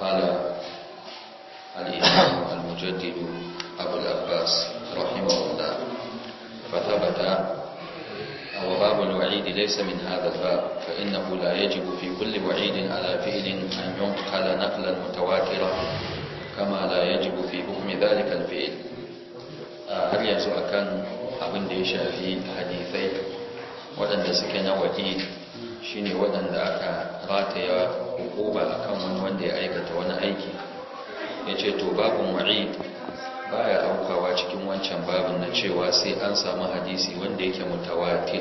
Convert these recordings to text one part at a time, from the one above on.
قال الإمام المجدد أبو العباس رحمه الله فثبت أو باب الوعيد ليس من هذا الباب فإنه لا يجب في كل وعيد على فعل أن ينقل نقلا متواترا كما لا يجب في بكم ذلك الفعل آه، هل يزعكن أبن ديشا في حديثي ولن تسكن وعيد shine waɗanda aka rataya hukuba akan wani wanda ya aikata wani aiki Ya ce to babun Ba ya aukawa cikin wancan babin na cewa sai an samu hadisi wanda yake mutawatir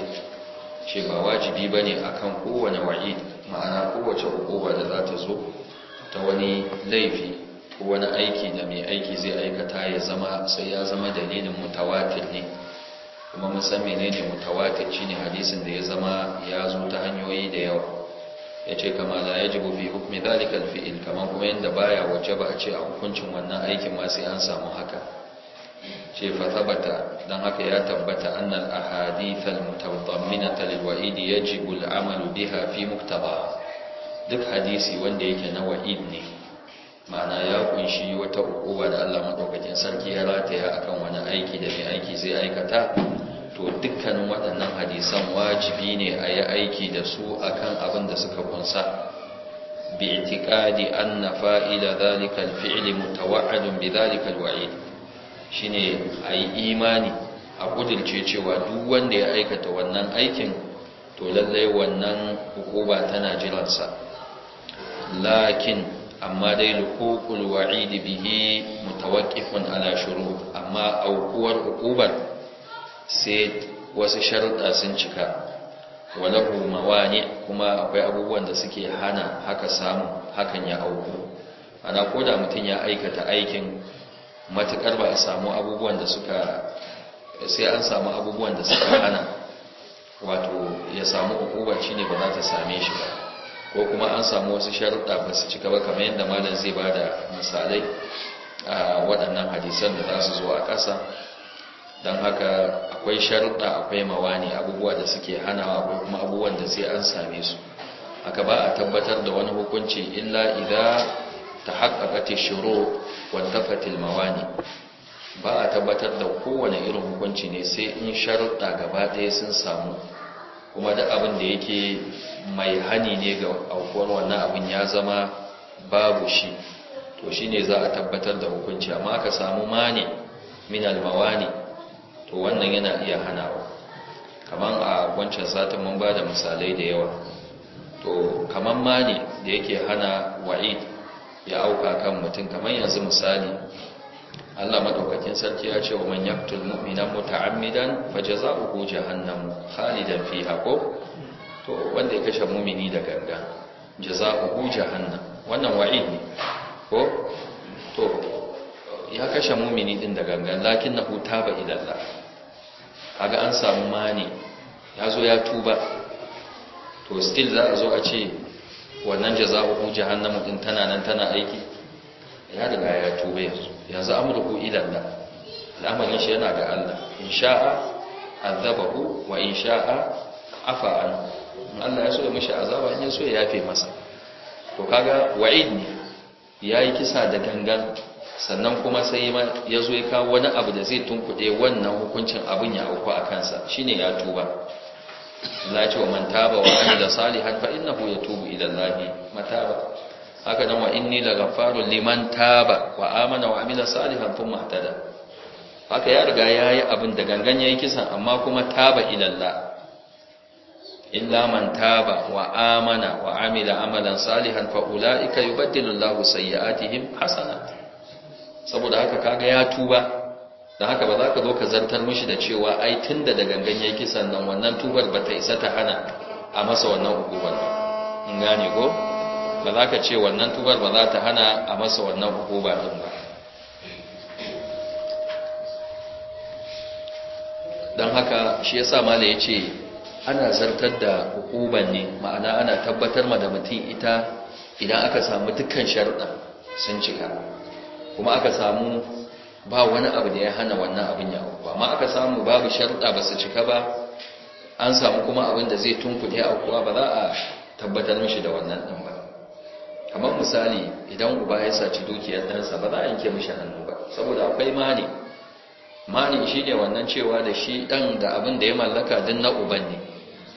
ce ba wajibi ba bane akan kowane wa'id ma'ana kowace hukuba da za ta zo ta wani laifi ko wani aiki da mai aiki zai aikata ya zama sai ya zama dalilin mutawatir ne kuma mun san menene mutawatir shine hadisin da ya zama ya zo ta hanyoyi da yawa yace kama la yajibu fi hukmi dhalika al-fi'l kaman kuma yadda baya ba a ce a hukuncin wannan aikin ma sai an samu haka ce fa tabata dan haka ya tabbata annal ahadith al-mutadamminata lil-wa'id yajibu al-amalu biha fi duk hadisi wanda yake na wa'id ne ma'ana ya kunshi wata ukuwa da Allah madaukakin sarki ya rataya akan wani aiki da mai aiki zai aikata to dukkanin waɗannan hadisan wajibi ne a yi aiki da su akan abin da suka kunsa bi itiqadi anna fa'ila dhalika al mutawa'adun bi dhalika Shi ne shine ayi imani a kudirce cewa duk wanda ya aikata wannan aikin to lallai wannan hukuma tana jiransa lakin amma dai lukuqul wa'id bihi mutawaqqifun ala shurut amma aukuwar hukumar sai wasu sharuɗa sun cika walahu ne kuma akwai abubuwan da suke hana haka samu hakan ya auku ana koda mutum ya aikata aikin matukar ba a samu abubuwan da suka sai an samu abubuwan da suka hana wato ya samu shi ne ba za ta same shi ba ko kuma an samu wasu sharuɗa ba su cika ba kamar yadda malam zai ba da misalai a waɗannan hadisan da za su zo a ƙasa don haka akwai sharuɗa akwai mawani abubuwa da suke hanawa ko kuma abubuwan da sai an same su aka ba a tabbatar da wani hukunci illa idan ta idza shiro shuru fatil mawani ba a tabbatar da kowane irin hukunci ne sai in sharuɗa gaba ɗaya sun samu kuma da abin da yake mai hani ne ga aukuwar wannan abin ya zama babu shi to shine za a tabbatar da hukunci amma ka samu mani min almawani to wannan yana iya hanawa kamar a wancan satin mun ba da misalai da yawa to kamar ma ne da yake hana wa'id ya auka kan mutum kamar yanzu misali Allah madaukakin sarki ya ce wa man yaqtul mu'mina muta'ammidan fajaza'uhu jahannam khalidan fiha ko to wanda ya kashe mu'mini da ganga jaza'uhu jahannam wannan wa'id ne ko to ya kashe mu'mini din da gangan lakinnahu taba ila Allah kaga an samu mani ya zo ya tuba to still za a zo a ce wannan jaza'u jahannamu din tana nan tana aiki ya daga ya tuba yanzu yanzu amruhu ila Allah al'amarin shi yana ga Allah in sha'a azabahu wa in sha'a afa an in Allah ya so ya mishi azaba in ya so ya yafe masa to kaga wa'id ne yayi kisa da gangan sannan kuma sai ya zo ya kawo wani abu da zai tunkuɗe wannan hukuncin abin ya auku a kansa ne ya tuba a ce wa man taba wa amila salihan fa ya tubu idan Allah mataba haka nan wa inni laghaffarun liman taba wa amana wa amina salihan thumma matada. haka ya riga yi abin da gangan ya yi kisan amma kuma taba ila illa man taba wa amana wa amila amalan salihan fa ulaika yubaddilu Allahu sayyi'atihim hasanat saboda haka kaga ya tuba da haka ba za ka zo ka zartar mishi da cewa ai tun da gangan ya kisan nan wannan tubar ba ta isa ta hana a masa wannan hukumar ba in gane ko ba za ka ce wannan tubar ba za ta hana a masa wannan hukumar din ba don haka shi yasa mala ya ce ana zartar da hukumar ne ma'ana ana tabbatar ma da mutum ita idan aka samu dukkan sharuɗa sun cika kuma aka samu ba wani abu da ya hana wannan abin ya ba amma aka samu babu sharuɗa ba su cika ba an samu kuma abin da zai tunkuɗe kuwa ba za a tabbatar mishi da wannan ɗin ba kamar misali idan uba ya saci dukiyar ɗansa ba za a yanke mishi hannu ba saboda akwai mani mani shi ne wannan cewa da shi ɗan da abin da ya mallaka din na uban ne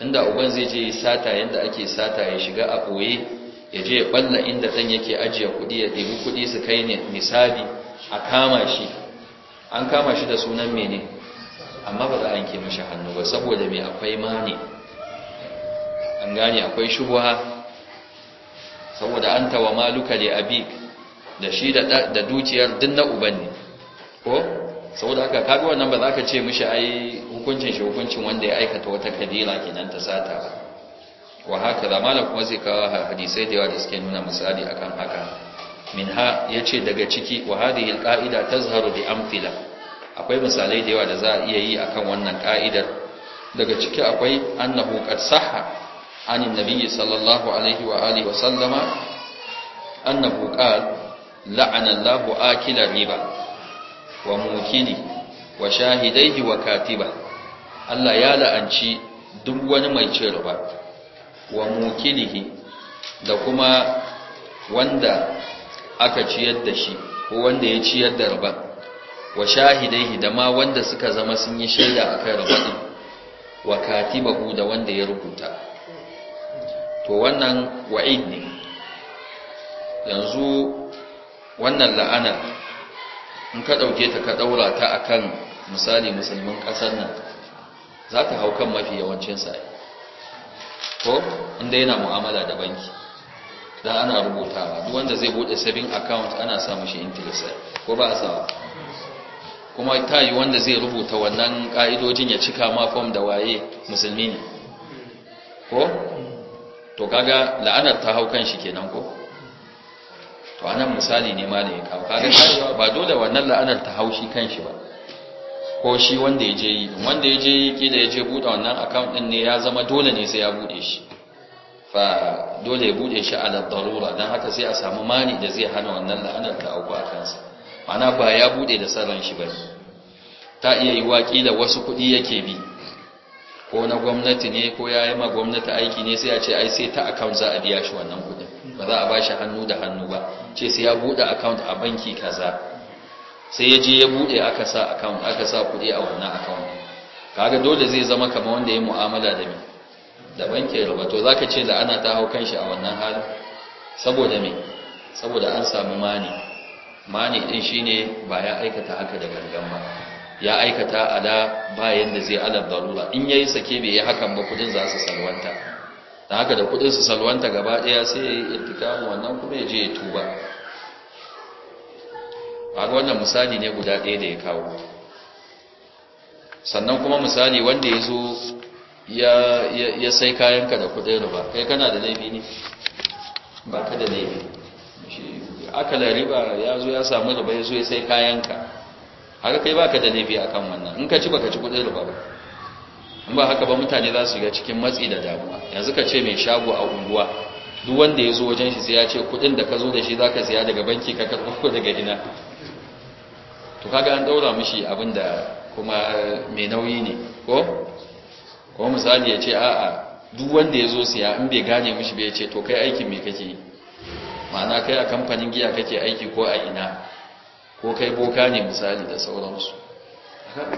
inda uban zai je sata yadda ake sata ya shiga a ɓoye ya je ya balla inda dan yake ajiye kuɗi ya ɗebi kuɗi su kai ne misali a kama shi an kama shi da sunan mene amma ba za a yanke mashi hannu ba saboda mai akwai mani an gane akwai shubuha saboda an tawa maluka da abik da shi da dukiyar din na uban ne ko saboda haka kaga wannan ba za ka ce mishi ai hukuncin shi hukuncin wanda ya aikata wata kabila kenan ta sata ba wa haka da malam kuma zai kawo hadisai da yawa da suke nuna misali akan haka minha yace daga ciki wa hadhihi alqaida tazharu bi amthila akwai misalai da yawa da za a iya yi akan wannan ka'idar daga ciki akwai annahu qad sahha anin nabiyyi sallallahu alaihi wa wa sallama riba wa mukili wa shahidaihi wa katiba Allah ya la'anci duk wani mai cin riba wa mukiliki da kuma wanda aka ciyar da shi ko wanda ya ciyar da raba wa shahidaihi da ma wanda suka zama sun yi shaida kai raba din wa katibahu da wanda ya rubuta to wannan wa'id ne yanzu wannan la'ana in ka dauke ta ka daura ta a kan misali musulmin ƙasar nan za ta hau kan mafi yawancin sa'i ko inda yana mu'amala da banki dan ana rubutawa duk wanda zai bude saving account ana sa mishi interest ko ba a sa? kuma ta yi wanda zai rubuta wannan ka'idojin ya cika ma form da waye musulmi ne ko to kaga la'anar ta hau shi kenan ko to anan misali ne ma ya kawo kaga ba dole wannan la'anar ta haushi kanshi kan shi ba ko shi wanda ya je yi wanda ya je yi kila ya je buɗe wannan account ɗin ne ya zama dole ne sai ya buɗe shi fa dole ya buɗe shi a darura dan haka sai a samu mani da zai hana wannan la'anar ta auku a kansa ma'ana ba ya buɗe da sarran shi bane ta iya yi wa kila wasu kuɗi yake bi ko na gwamnati ne ko ya yi ma gwamnati aiki ne sai a ce ai sai ta account za a biya shi wannan kuɗin ba za a ba shi hannu da hannu ba ce sai ya buɗe account a banki kaza sai ya je ya bude aka sa account aka sa kuɗi a wannan account kaga dole zai zama kamar wanda ya mu'amala da ni. da bankin riba to zaka ce ana ta hau kanshi a wannan halin saboda me saboda an samu mani mani din shine ba ya aikata haka da gangan ba ya aikata ala ba yanda zai ala darura in yayi sake bai yi hakan ba kudin za su salwanta dan haka da kudin su salwanta gaba daya sai ya yi wannan kuma ya je ya tuba a wannan misali ne guda ɗaya da ya kawo sannan kuma misali wanda ya zo ya sai kayanka da kudin riba kai kana da laifi ne ba ka da laifi akala riba ya zo ya samu riba ya zo ya sai kayanka har kai ba ka da laifi akan wannan in ka ci ba ka ci kudin riba ba in ba haka ba mutane za su ga cikin matsi da damuwa yanzu ka ce mai shago a unguwa duk wanda ya zo wajen shi sai ya ce kudin da ka zo da shi za ka siya daga banki ka karɓo daga ina to kaga an daura mishi abinda kuma eh, mai nauyi ne ko ko misali ya ce a'a duk wanda ya zo siya in bai gane mishi bai ce to kai aikin me kake yi ma'ana kai a kamfanin giya kake aiki ko a ina ko kai boka ne misali da sauransu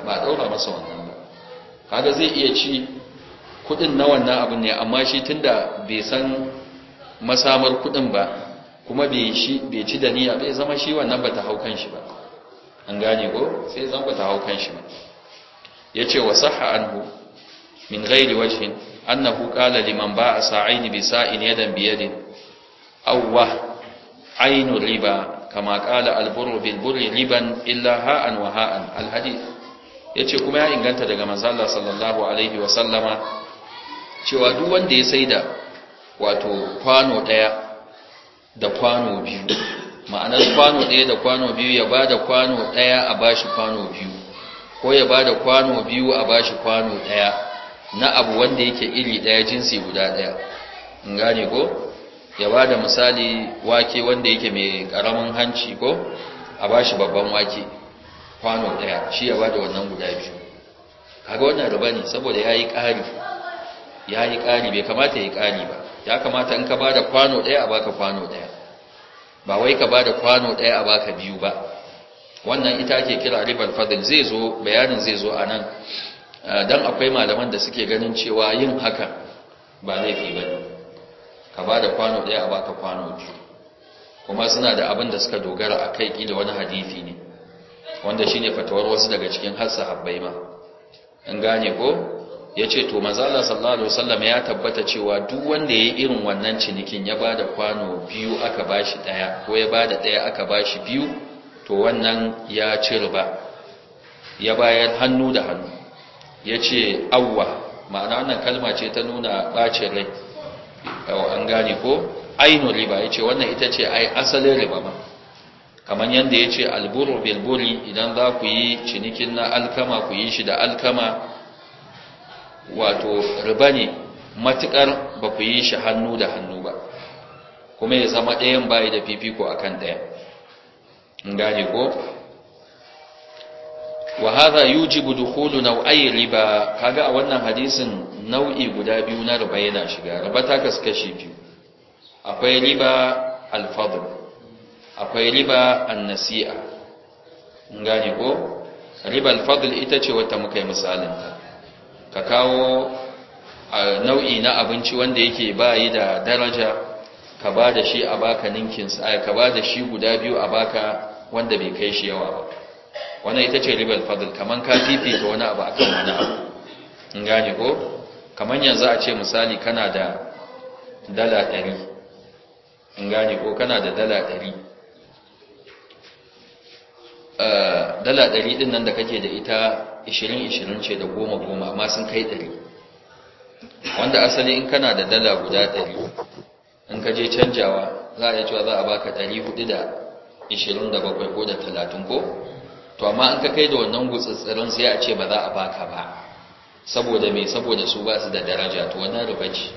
ba daura masa wannan ba kaga zai iya ci kudin na wannan abin ne amma shi tunda bai san masamar kudin ba kuma bai ci da niyya bai zama shi wannan ba ta hau kan shi ba an gane ko sai zan ku haukan hau kan shi ma yace wa sahha anhu min ghairi wajhin annahu qala liman ba'a sa'aini bi sa'in yadan bi yadin ainu riba kama qala al-burru riban illa ha'an wa ha'an al Ya ce kuma ya inganta daga manzo sallallahu alaihi wa sallama cewa duk wanda ya saida wato kwano daya da kwano biyu ma'anar kwano ɗaya da kwano biyu ya ba da kwano ɗaya a bashi kwano biyu ko ya ba da kwano biyu a bashi kwano ɗaya na abu wanda yake iri ɗaya jinsi guda ɗaya in gane ko ya ba da misali wake wanda yake mai ƙaramin hanci ko a bashi babban wake kwano ɗaya shi ya ba da wannan guda biyu kaga wannan riba ne saboda ya yi ƙari ya yi ƙari bai kamata ya yi ƙari ba ya kamata in ka ba da kwano ɗaya a baka kwano ɗaya ba wai ka bada kwano ɗaya a baka biyu ba wannan ita ake kira ribar fadin, zai zo bayanin zai zo a nan. Don akwai malaman da suke ganin cewa yin haka ba laifi ne. ka bada kwano ɗaya a baka kwano biyu kuma suna da abin da suka dogara a ƙi kila wani hadisi ne wanda shine fatawar wasu daga cikin hassa habbai ma an gane ko Ya ce to mazala Allah sallallahu alaihi wasallam ya tabbata cewa duk wanda yayi irin wannan cinikin ya bada kwano biyu aka bashi daya ko ya bada daya aka bashi biyu to wannan ya ci riba ya bayar hannu da hannu Ya ce awwa ma'ana wannan kalma ce ta nuna bacin rai an gane ko ainu riba ce wannan ita ce ai asalin riba ma kamar yadda ya ce alburu bilburi idan za ku yi cinikin na alkama ku yi shi da alkama wato riba ne matukar ba ku yi shi hannu da hannu ba kuma ya zama ɗayan bayi da fifiko akan ɗaya in gane ko wa hadha gudu dukhulu naw'ai riba kaga a wannan hadisin nau'i guda biyu na riba yana shiga riba ta kaskashi biyu akwai riba alfadul. akwai riba an-nasi'a ngani ko riba al ita ce wata muka yi misalin ta ka kawo nau'i na abinci wanda yake bayi da daraja ka ba da shi a baka ninkinsa ka ba da shi guda biyu a baka wanda bai kai shi yawa ba wannan ita ce ribal fadl kaman ka fifita wani abu akan wani abu in gane ko kaman yanzu a ce misali kana da dala 100 in gane ko kana da dala 100 eh, dala ɗari ɗin nan da kake da ita 20-20 ce da goma-goma amma sun kai 100 wanda asali in kana da dala guda 100 in ka je canjawa za a yi cewa za a baka hudu da 27 ko da 30 ko to amma an ka kai da wannan gutsitsirin sai a ce ba za a baka ba saboda mai saboda su ba su da daraja to wannan rubaci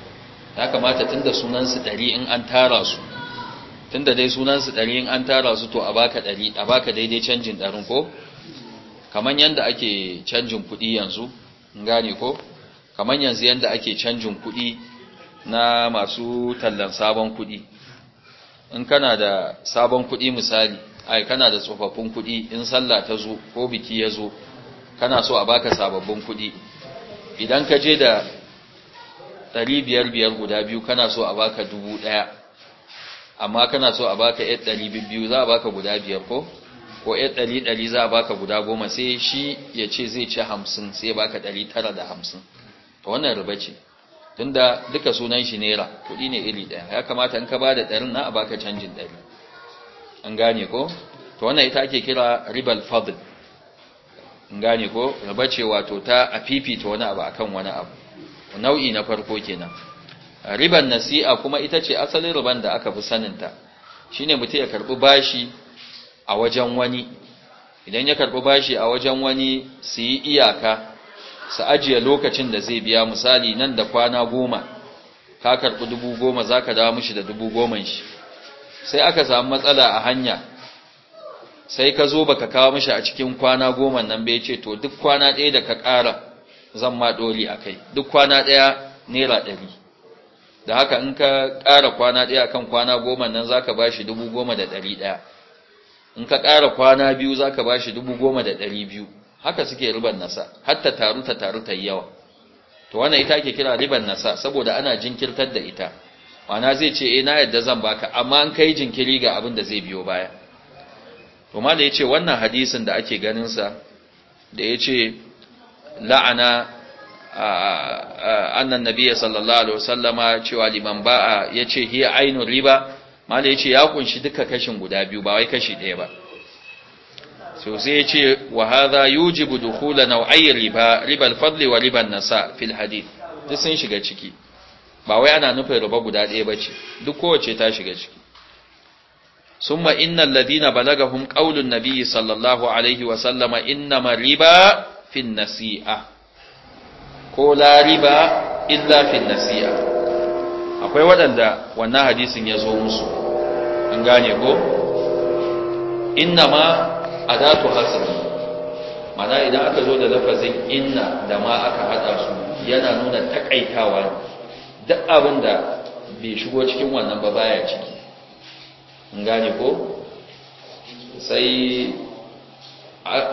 ya kamata tun da sunansu 100 in an tara su tun da dai sunansu 100 in an tara su to a baka 100 a baka daidai canjin ɗarin ko kamar yanda ake canjin kuɗi yanzu gane ko kamar yanzu yanda ake canjin kuɗi na masu tallan sabon kuɗi in kana da sabon kuɗi misali ai kana da tsofaffin kuɗi in sallah ta zo ko biki ya zo kana so a baka sababbin kuɗi idan ka je da ɗari biyar biyar guda biyu kana so a baka dubu ɗaya amma kana so a baka ɗari biyu za a baka guda biyar ko ko ya ɗari ɗari za a baka guda goma sai shi ya ce zai ci hamsin sai ya baka ɗari tara da hamsin to wannan riba ce tunda duka sunan shi naira kuɗi ne iri ɗaya ya kamata in ka ba da ɗarin na a baka canjin ɗari an gane ko to wannan ita ake kira ribal fadl in gane ko riba ce wato ta a fifita wani abu akan wani abu nau'i na farko kenan riban nasi'a kuma ita ce asalin riban da aka fi saninta shine mutum ya karɓi bashi a wajen wani idan ya karɓi bashi a wajen wani su yi iyaka su ajiye lokacin da zai biya misali nan da kwana goma ka karɓi dubu goma za ka dawo mishi da dubu goman shi sai aka samu matsala a hanya sai ka zo ba ka kawo mishi a cikin kwana goman nan bai ce to duk kwana ɗaya da ka ƙara zan ma ɗoli a kai duk kwana ɗaya naira ɗari da haka in ka ƙara kwana ɗaya kan kwana goma nan za ka ba shi dubu goma da ɗari ɗaya in ka ƙara kwana biyu za ka ba shi dubu goma da ɗari biyu haka suke riban nasa hatta taru ta taru ta yi yawa to wannan ita ake kira riban nasa saboda ana jinkirtar da ita ma'ana zai ce eh na yadda zan baka amma an kai jinkiri ga abin da zai biyo baya to ya yace wannan hadisin da ake ganin sa da yace la'ana annan nabiyyi sallallahu alaihi wasallama cewa liman ba'a yace hiya ainur riba mala ya ce ya kunshi duka kashin guda biyu ba wai kashi ɗaya ba so sai ya ce wa hadha yujibu dukhula naw'ay riba riba ribar fadli wa riba nasa fil hadith duk sun shiga ciki ba wai ana nufin riba guda ɗaya bace duk kowace ta shiga ciki summa innal ladina balagahum qawlun nabiy sallallahu alaihi wa sallama innama riba fin nasi'a ko la riba illa fin nasi'a akwai waɗanda wannan hadisin ya zo musu an gane ko inna ma adatu hasr mana idan aka zo da lafazin inna da ma aka hada su yana nuna takaitawa duk abin da bai shigo cikin wannan ba baya ciki an gane ko sai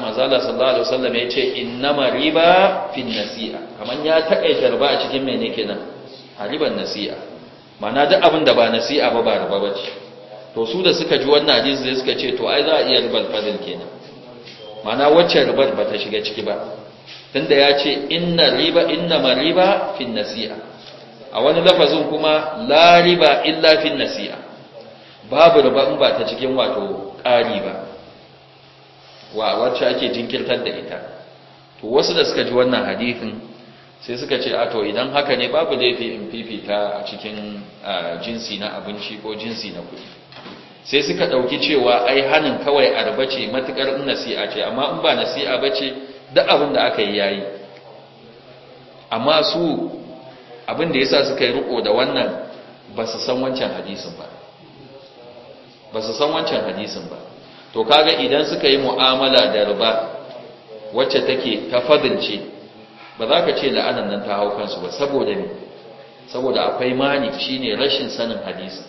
mazala sallallahu alaihi wasallam ya ce ma riba fin nasi'a kaman ya takaita riba a cikin mene kenan a riban nasi'a mana duk abin da ba nasi'a ba ba riba ce to su da suka ji wannan hadisi sai suka ce to ai za a iya ribar fadil kenan mana wacce ribar ba ta shiga ciki ba tunda ya ce inna riba inna riba fin nasi'a a wani lafazin kuma la riba illa fin nasi'a babu riba in ba ta cikin wato ƙari ba wa wacce ake jinkirtar da ita to wasu da suka ji wannan hadisin sai suka ce a to idan haka ne babu laifi in fifita a cikin jinsi na abinci ko jinsi na kuɗi sai suka ɗauki cewa ai hanin kawai arba ce matukar in nasi'a ce amma in ba nasi'a ba ce duk abin da aka yi yayi amma su abin da sa suka yi riko da wannan ba su san wancan hadisin ba ba su san wancan hadisin ba to kaga idan suka yi mu'amala da riba wacce take ta fadince ba za ka ce la'anan nan ta hau kansu ba saboda ne saboda akwai mani shine rashin sanin hadisin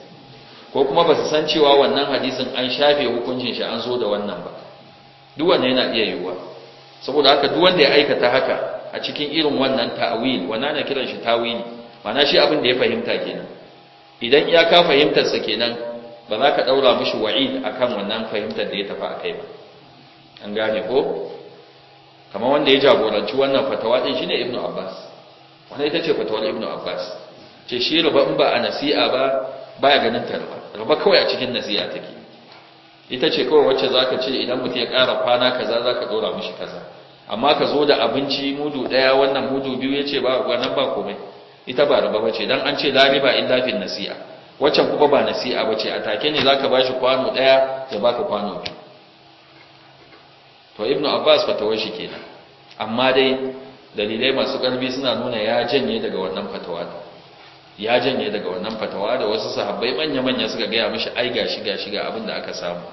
ko kuma ba su san cewa wannan hadisin an shafe hukuncin shi an zo da wannan ba duk wanda yana iya yiwuwa saboda haka duk wanda ya aikata haka a cikin irin wannan ta'wil wanda ana kiran shi tawili ma'ana shi abin da ya fahimta kenan idan ya ka fahimtar sa kenan ba za ka daura mishi wa'id akan wannan fahimtar da ya tafi a kai ba an gane ko kamar wanda ya jagoranci wannan fatawa din shine ibnu abbas wannan ita ce fatawar ibnu abbas ce shi ruba in ba a nasi'a ba baya ganin tarba Raba kawai a cikin nasiha take ita ce kawai wacce zaka ce idan mutum ya ƙara kwana kaza zaka dora mishi kaza amma ka zo da abinci mudu daya wannan mudu biyu yace ba wannan ba komai ita ba raba bace dan an ce la riba illa fil nasiha wacce kuma ba nasiha bace a take ne zaka bashi kwano daya ya baka kwano biyu to ibnu abbas fatawar shi kenan amma dai dalilai masu ƙarfi suna nuna ya janye daga wannan fatawa ya janye daga wannan fatawa da wasu sahabbai manya-manya suka gaya mishi ai gashi shiga ga abin da aka samu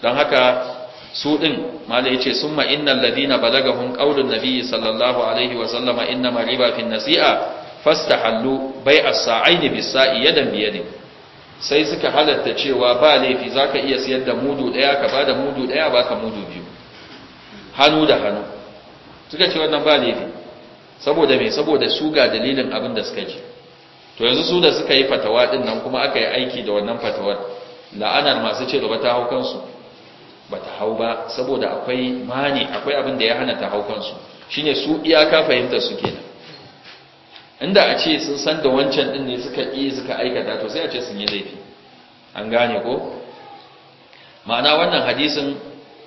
don haka su ɗin, malai yace sun innal ladina balagahum qaulun nabiyyi sallallahu alaihi wa sallama ma riba fin nasi'a fastahallu bai'as sa'aini bis sa'i yadan bi ne sai suka halatta cewa ba laifi zaka iya siyar da mudu ɗaya ka da mudu ba baka mudu biyu hannu da hannu suka ce wannan ba laifi saboda me saboda su ga dalilin abin da suka ji to yanzu su da suka yi fatawa din nan kuma aka yi aiki da wannan fatawar la'anar masu ce ba ta haukan su ba hau ba saboda akwai mani akwai abin da ya hana ta haukan su shine su iyaka fahimtar su kenan inda a ce sun san da wancan din ne suka yi suka aikata to sai a ce sun yi laifi an gane ko ma'ana wannan hadisin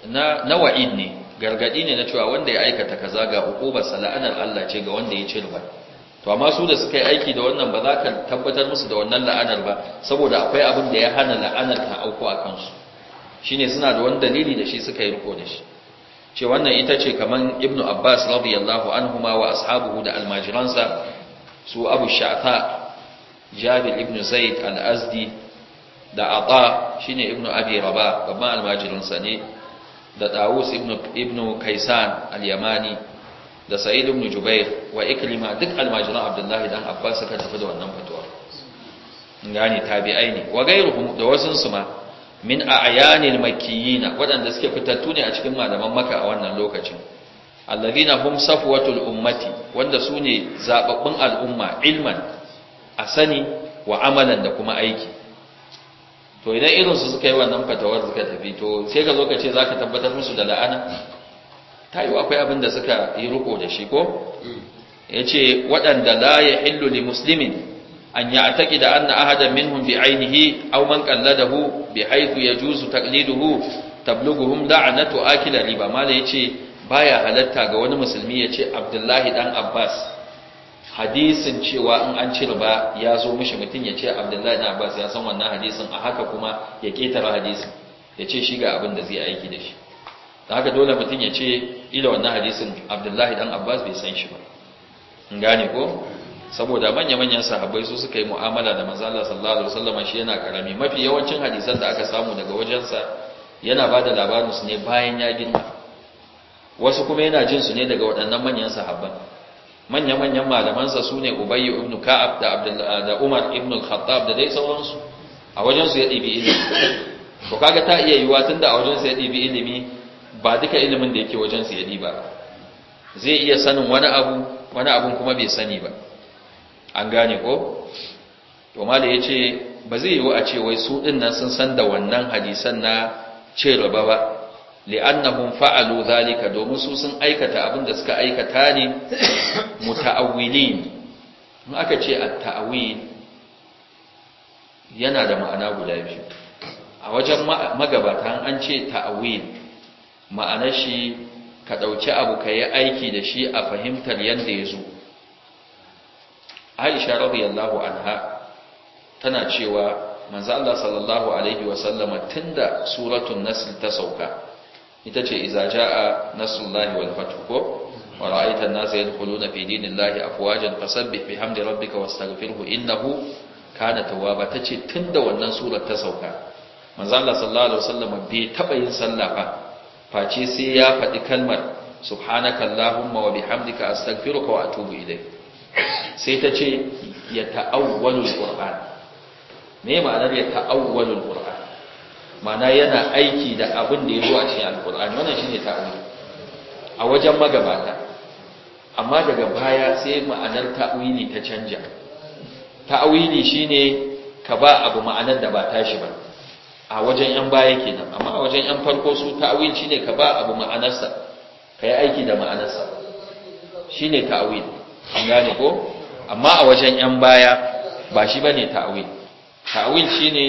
na na wa'id ne gargadi ne na cewa wanda ya aikata kaza ga hukubar sala'anar Allah ce ga wanda ya ce ba to amma su da suka yi aiki da wannan ba za ka tabbatar musu da wannan la'anar ba saboda akwai abin da ya hana la'anar ta auku a kansu shine suna da wani dalili da shi suka yi riko da shi ce wannan ita ce kaman ibnu abbas radiyallahu anhuma wa ashabuhu da almajiransa su abu sha'fa jabir ibn zaid al-azdi da ata shine ibnu abi raba babban almajiransa ne da dawus ibnu kaisan al-yamani da sa'id ibn jubair wa ikrima duk almajiran abdullahi dan abbas suka tafi da wannan fatuwa gani tabi'ai ne wa gairuhum da wasun su ma min a'yanil makkiyina wadanda suke fitattu ne a cikin malaman makka a wannan lokacin alladhina hum safwatul ummati wanda su ne zababbun al'umma ilman a sani wa amalan da kuma aiki to idan irinsu suka yi wannan fatawar suka tafi to sai ka zo ka ce za ka tabbatar musu da la'ana ta yi akwai abin da suka yi riko da shi ko ya ce waɗanda la ya illu li muslimin an a taƙi da an na min minhum bi ainihi au man hu? bi haifu ya juzu taqliduhu tabluguhum la'anatu akila riba mala ya ce baya halatta ga wani musulmi ya ce abdullahi dan abbas hadisin cewa in an cire riba ya zo mishi mutum ya ce abdullahi dan abbas ya san wannan hadisin a haka kuma ya ƙetare hadisin ya ce shi ga abin da zai aiki da shi da haka dole mutum ya ce ila wannan hadisin abdullahi dan abbas bai san shi ba in gane ko saboda manya-manyan sahabbai su suka yi mu'amala da manzo Allah sallallahu alaihi wasallam shi yana karami mafi yawancin hadisan da aka samu daga wajensa yana bada labarin su ne bayan ya gina. wasu kuma yana jin su ne daga waɗannan manyan sahabban manya-manyan malamansa su ne Ubay ibn Ka'ab da Umar ibn khattab da dai sauransu a wajensu ya ɗibi ilimi to kaga ta iya yiwa tunda a wajensu ya ɗibi ilimi ba duka ilimin da yake wajen su diba ba zai iya sanin wani abu wani abun kuma bai sani ba an gane ko to ya yace ba zai yiwu a ce wai su din sun san da wannan hadisan na ce raba ba li'annahum fa'alu zalika domin su sun aikata abin da suka aikata ne muta'awwilin in aka ce at-ta'wil yana da ma'ana guda biyu a wajen magabata an ce ta'awil ma'anar shi ka ɗauki abu ka yi aiki da shi a fahimtar yadda ya zo aisha radiyallahu anha tana cewa manzo Allah sallallahu alaihi wasallama tunda suratul nasr ta sauka ita ce iza jaa nasrullahi wal fath ko wa ra'aita an-nasa yadkhuluna fi dinillahi afwajan fasabbih bihamdi rabbika wastaghfirhu innahu kana tawwaba tace tunda wannan surar ta sauka manzo Allah sallallahu alaihi wasallama bai taba yin sallah ba face sai ya faɗi kalmar subhanaka allahumma wa bihamdika astaghfiruka wa atubu ilayk sai ta ce ya ta'awwalu alquran me ma'anar ya ta'awwalu alquran ma'ana yana aiki da abin da ya zo a cikin alquran wannan shine ta'awwul a wajen magabata amma daga baya sai ma'anar ta'awili ta canja ta'awili shine ka ba abu ma'anar da ba tashi ba a wajen yan baya kenan amma a wajen yan farko su ta'awil shine ka ba abu ma'anarsa ka yi aiki da ma'anarsa shine ta'awil an gane ko amma a wajen yan baya ba shi bane ta'awil ta'awil shine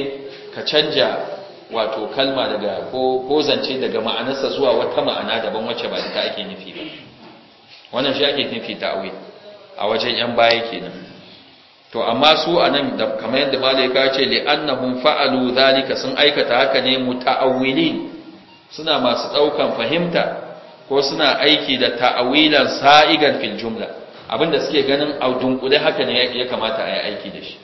ka canja wato kalma daga ko zance daga ma'anarsa zuwa wata ma'ana daban wacce ba ita ake nufi ba wannan shi ake nufi ta'awil a wajen yan baya kenan to amma su nan da kamar yadda malaika ce li annahum fa'alu zalika sun aikata haka ne muta'awili suna masu ɗaukan fahimta ko suna aiki da ta'awilan sa'igan fil jumla abinda suke ganin a dunkule haka ne ya kamata a yi aiki da shi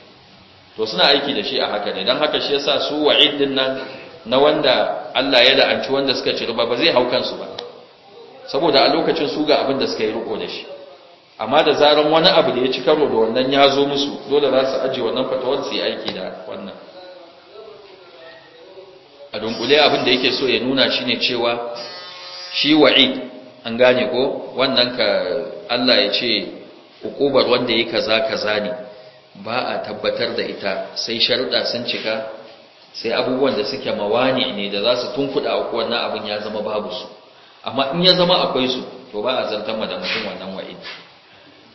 to suna aiki da shi a haka ne don haka shi yasa su wa'idin din nan na wanda Allah ya la'anci wanda suka ci ba zai hau kansu ba saboda a lokacin su ga abin da suka yi riko da shi amma da zaran wani abu da ya ci karo da wannan ya zo musu dole za su ajiye wannan fatawar su yi aiki da wannan a dunkule abin da yake so ya nuna shi ne cewa shi wa'id an gane ko wannan ka Allah ya ce hukubar wanda ya kaza kaza ne ba a tabbatar da ita sai sharuɗa sun cika sai abubuwan da suke mawani ne da za su tunkuɗa a wannan abin ya zama babu su amma in ya zama akwai su to ba a zartar da mutum wannan wa'idi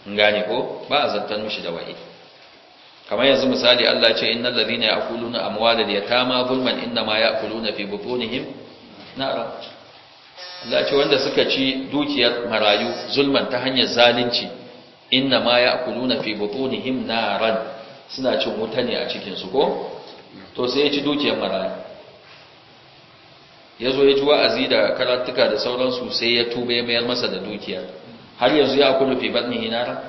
gane ko ba a zartar mishi da wa'i kamar yanzu misali Allah ce innal ladina ya'kuluna amwalal yatama zulman innama ya'kuluna fi butunihim nara Allah ce wanda suka ci dukiyar marayu zulman ta hanyar zalunci innama ya'kuluna fi butunihim naran suna cin wuta ne a cikin su ko to sai ya ci dukiyar marayu yazo ya ji wa'azi da karatuka da sauransu sai ya tuba ya mayar masa da dukiyar har yanzu ya kullu fi batnihi nara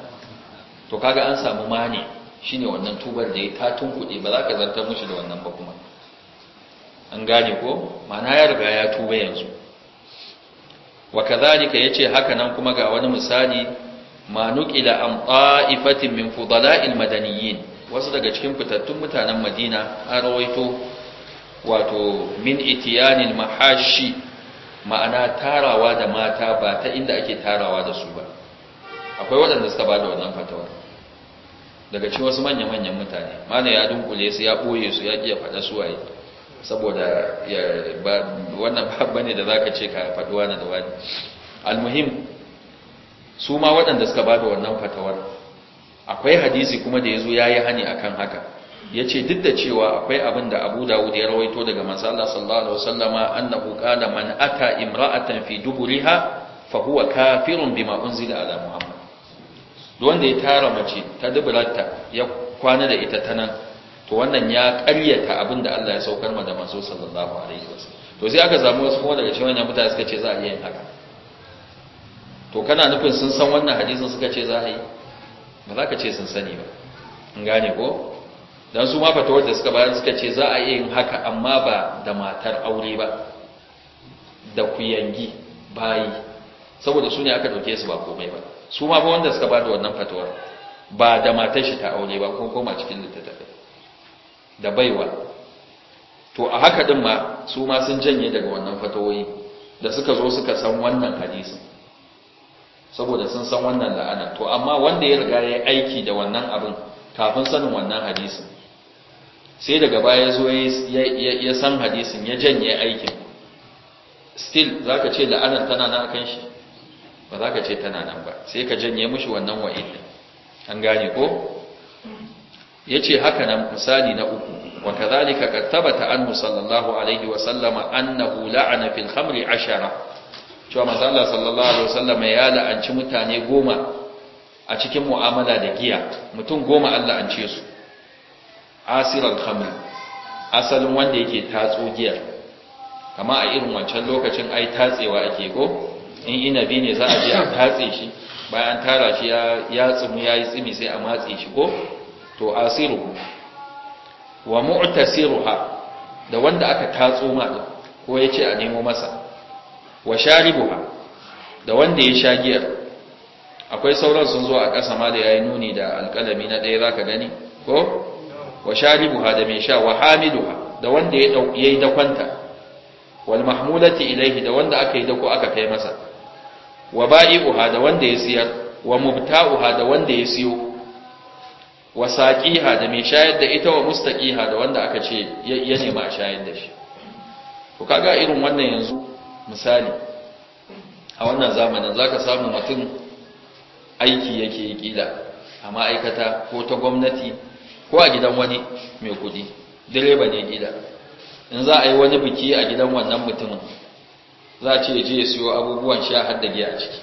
to kaga an samu mani shine wannan tubar da ya ta tunkuɗe ba za ka zartar mushi da wannan ba kuma an gane ko mana ya riga ya tuba yanzu wa kadhalika yace haka nan kuma ga wani misali ma nuqila am ta'ifatin min fudala'il madaniyyin wasu daga cikin fitattun mutanen Madina an rawaito wato min itiyanil mahashi ma'ana tarawa da mata ba ta inda ake tarawa da su ba akwai waɗanda suka ba da wannan fatawar daga ci wasu manya-manyan mutane mana ya dunkule su ya ɓoye su ya iya faɗa su waye saboda wannan babba ne da za ka ce ka faɗi wani da wani almuhim su ma waɗanda suka ba da wannan fatawar akwai hadisi kuma da ya zo ya yi hani akan haka Ya ce duk da cewa akwai abin da Abu Dawud ya rawaito daga manzo Allah sallallahu alaihi wasallama annahu qala man ata imra'atan fi duburiha fa huwa kafirun bima unzila ala Muhammad duk wanda ya tara mace ta duburarta ya kwana da ita tanan to wannan ya ƙaryata abin da Allah ya saukar ma da manzo sallallahu alaihi wasallam to sai aka samu wasu kuma daga cikin wannan mutane suka ce za a yi haka to kana nufin sun san wannan hadisin suka ce za a yi ba za ka ce sun sani ba in gane ko dan su ma fatawar da suka bayan suka ce za a yi yin haka amma ba da matar aure ba da kuyangi bayi saboda su ne aka dauke su ba komai ba su ma ba wanda suka bada wannan fatawar ba da matar shi ta aure ba ko koma cikin littattafai da baiwa to a haka din ma su ma sun janye daga wannan fatawoyi da suka zo suka san wannan hadisin saboda sun san wannan la'ana to amma wanda ya riga ya aiki da wannan abin kafin sanin wannan hadisin sai daga baya zo ya san hadisin ya janye aikin still za ka ce la'anar tana nan kan shi ba za ka ce tana nan ba sai ka janye mushi wannan wa'in an gane ko ya ce haka nan misali na uku وكذلك قد ثبت alaihi صلى الله عليه وسلم أنه na fil الخمر ashara cewa mazala sallallahu alaihi wasallama ya la'anci mutane goma a cikin mu'amala da giya mutum goma Allah an ce su asiran kamar asalin wanda yake tatso giyar. kama a irin wancan lokacin ai tatsewa ake go in inabi ne za a je a tatse shi bayan tara shi ya ya yi tsimi sai a matse shi ko to asiru wa mu'tasiruha da wanda aka tatso ma ko ya ce a nemo masa wa sharibuha da wanda ya sha giyar akwai sauran sun zo a ƙasa ma da yayi nuni da alƙalami na ɗaya zaka gani ko wa sharibuha da mai sha wa hamiduha da wanda ya yi kwanta wal mahmulati ilayhi da wanda aka yi dako aka kai masa wa ba'i'uha da wanda ya siyar wa mubta'uha da wanda ya siyo wa saqiha da mai shayar da ita wa mustaqiha da wanda aka ce ya nema shayar da shi to kaga irin wannan yanzu misali a wannan zamanin zaka samu mutum aiki yake yi kila a ma'aikata ko ta gwamnati ko a gidan wani mai kudi direba ne gida in za a yi wani biki a gidan wannan mutumin za a ce je ya siyo abubuwan sha har da giya a ciki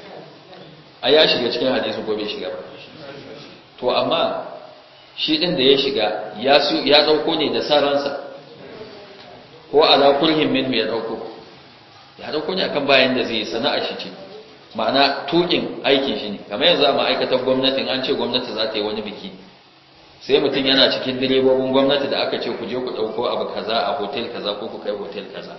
a ya shiga cikin hadisin ko bai shiga ba to amma shi din da ya shiga ya dauko ne da sa ransa ko ala kurhin min ya dauko ya dauko ne akan bayan da zai sana'a shi ce ma'ana tukin aikin shi ne kamar yanzu a ma'aikatar gwamnatin an ce gwamnati za ta yi wani biki sai mutum yana cikin direbobin gwamnati da aka ce ku je ku ɗauko abu kaza a hotel kaza ko ku kai hotel kaza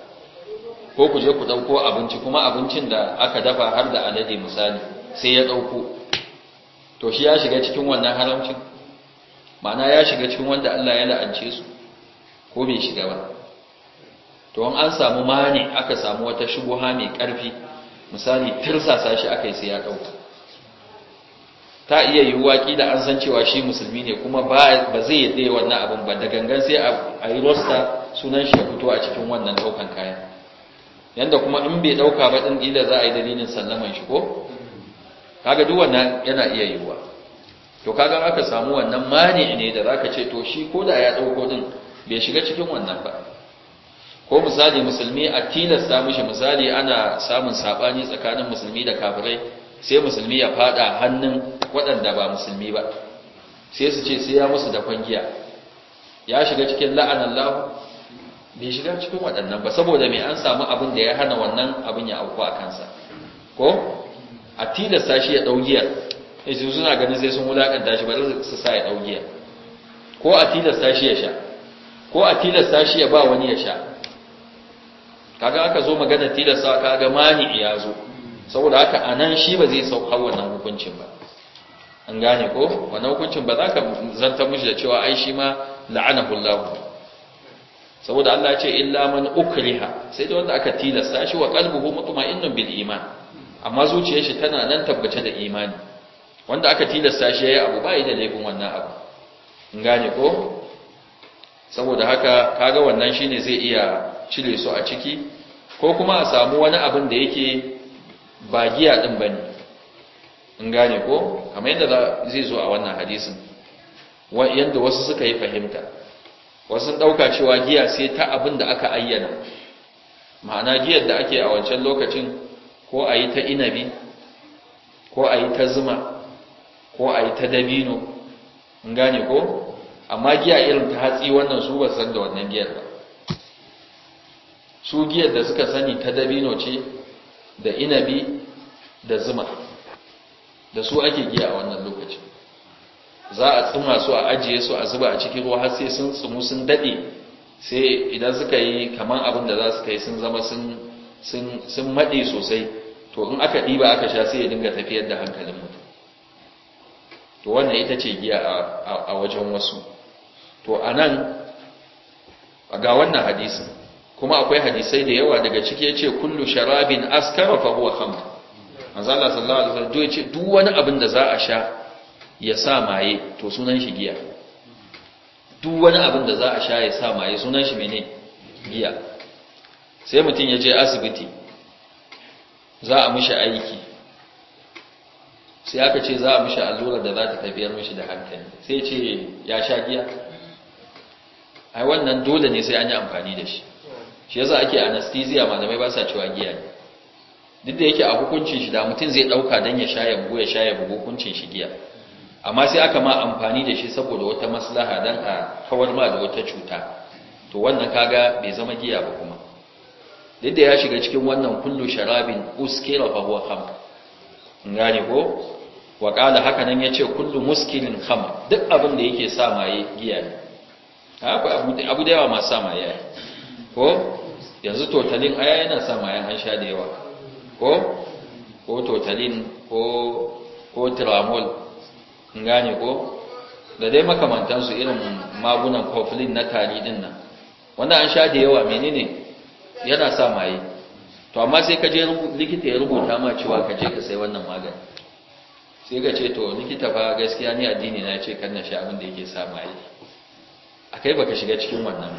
ko ku je ku ɗauko abinci kuma abincin da aka dafa har da alade misali sai ya ɗauko to shi ya shiga cikin wannan haramcin ma'ana ya shiga cikin wanda Allah ya la'ance su ko bai shiga ba to an samu mani aka samu wata shubuha mai ƙarfi misali tirsasa shi aka yi sai ya ɗauka ta iya yiwuwa kila an san cewa shi musulmi ne kuma ba zai yadda wannan abin ba da gangan sai a yi rosta sunan shi fito a cikin wannan daukan kayan yanda kuma in bai dauka ba din kila za a yi dalilin sallaman shi ko kaga duk wannan yana iya yiwuwa to kaga aka samu wannan mani ne da zaka ce to shi ko da ya dauko din bai shiga cikin wannan ba ko misali musulmi a tilasta mishi misali ana samun sabani tsakanin musulmi da kafirai sai musulmi ya fada hannun waɗanda ba musulmi ba sai su ce sai ya musu da kwangiya ya shiga cikin lahu bai shiga cikin waɗannan ba saboda mai an samu abin da ya hana wannan abin ya auku a kansa ko a tilasta shi ya ɗaugiyar yanzu suna ganin sai sun wulaƙanta shi ba zai su sa ya ɗaugiyar ko a tilasta shi ya sha ko a tilasta shi ya ba wani ya sha kaga aka zo magana tilasta kaga mani ya zo saboda haka anan shi ba zai sauka wannan hukuncin ba an gane ko wannan hukuncin ba za ka zanta mushi da cewa ai shi ma la'anahu Allah saboda Allah ya ce illa man ukriha sai da wanda aka tilasta shi wa qalbuhu mutma'innun bil iman amma zuciyar shi tana nan tabbace da imani wanda aka tilasta shi yayi abu bai da laifin wannan abu in gane ko saboda haka kaga wannan shine zai iya cire su a ciki ko kuma a samu wani abin da yake ba giya din bane in gane ko kamar yadda zai zo a wannan hadisin yadda wasu suka yi fahimta wasu ɗauka cewa giya sai ta abin da aka ayyana ma'ana giyar da ake a wancan lokacin ko a yi ta inabi ko a yi ta zuma ko a yi ta dabino in gane ko amma giya irin ta hatsi wannan su ba san da wannan giyar ba su giyar da suka sani ta dabino ce da inabi da zuma da su ake giya a wannan lokacin za a tsuma su a ajiye su a zuba a cikin ruwa har sai sun tsumu sun dade sai idan suka yi kaman abin da za su kai sun zama sun sun sosai to in aka diba aka sha sai ya dinga tafiyar da hankalin mutum to wannan ita ce giya a wajen wasu to anan ga wannan hadisin kuma akwai hadisai da yawa daga ciki yace kullu sharabin askara fa huwa khamr manzo Allah sallallahu alaihi wasallam yace duk wani abin da za a sha ya sa maye to sunan shi giya duk wani abin da za a sha ya sa maye sunan shi mene giya sai mutum ya je asibiti za a mishi aiki sai aka ce za a mishi allurar da za ta tafiyar mishi da hankali sai ce ya sha giya ai wannan dole ne sai an yi amfani da shi shi yasa ake anesthesia malamai ba sa cewa giya ne duk da yake a hukuncin shi da mutum zai dauka dan ya sha yabu ya sha ya hukuncin shi giya amma sai aka ma amfani da shi saboda wata maslaha don a kawar ma da wata cuta to wannan kaga bai zama giya ba kuma duk da ya shiga cikin wannan kullu sharabin uskira fa huwa kham ngani ko wa qala haka nan yace kullu muskilin kham duk abin da yake sa maye giya ne haka abu da yawa ma sa maye ko yanzu totalin aya yana sa maye an sha da yawa ko ko totalin ko ko tramol gane ko da dai makamantansu irin magunan koflin na tari din nan wanda an sha da yawa menene yana sa maye to amma sai ka je likita ya rubuta ma cewa ka je ka sai wannan magani sai ka ce to likita fa gaskiya ni addini na ce kan na sha abin da yake sa maye akai baka shiga cikin wannan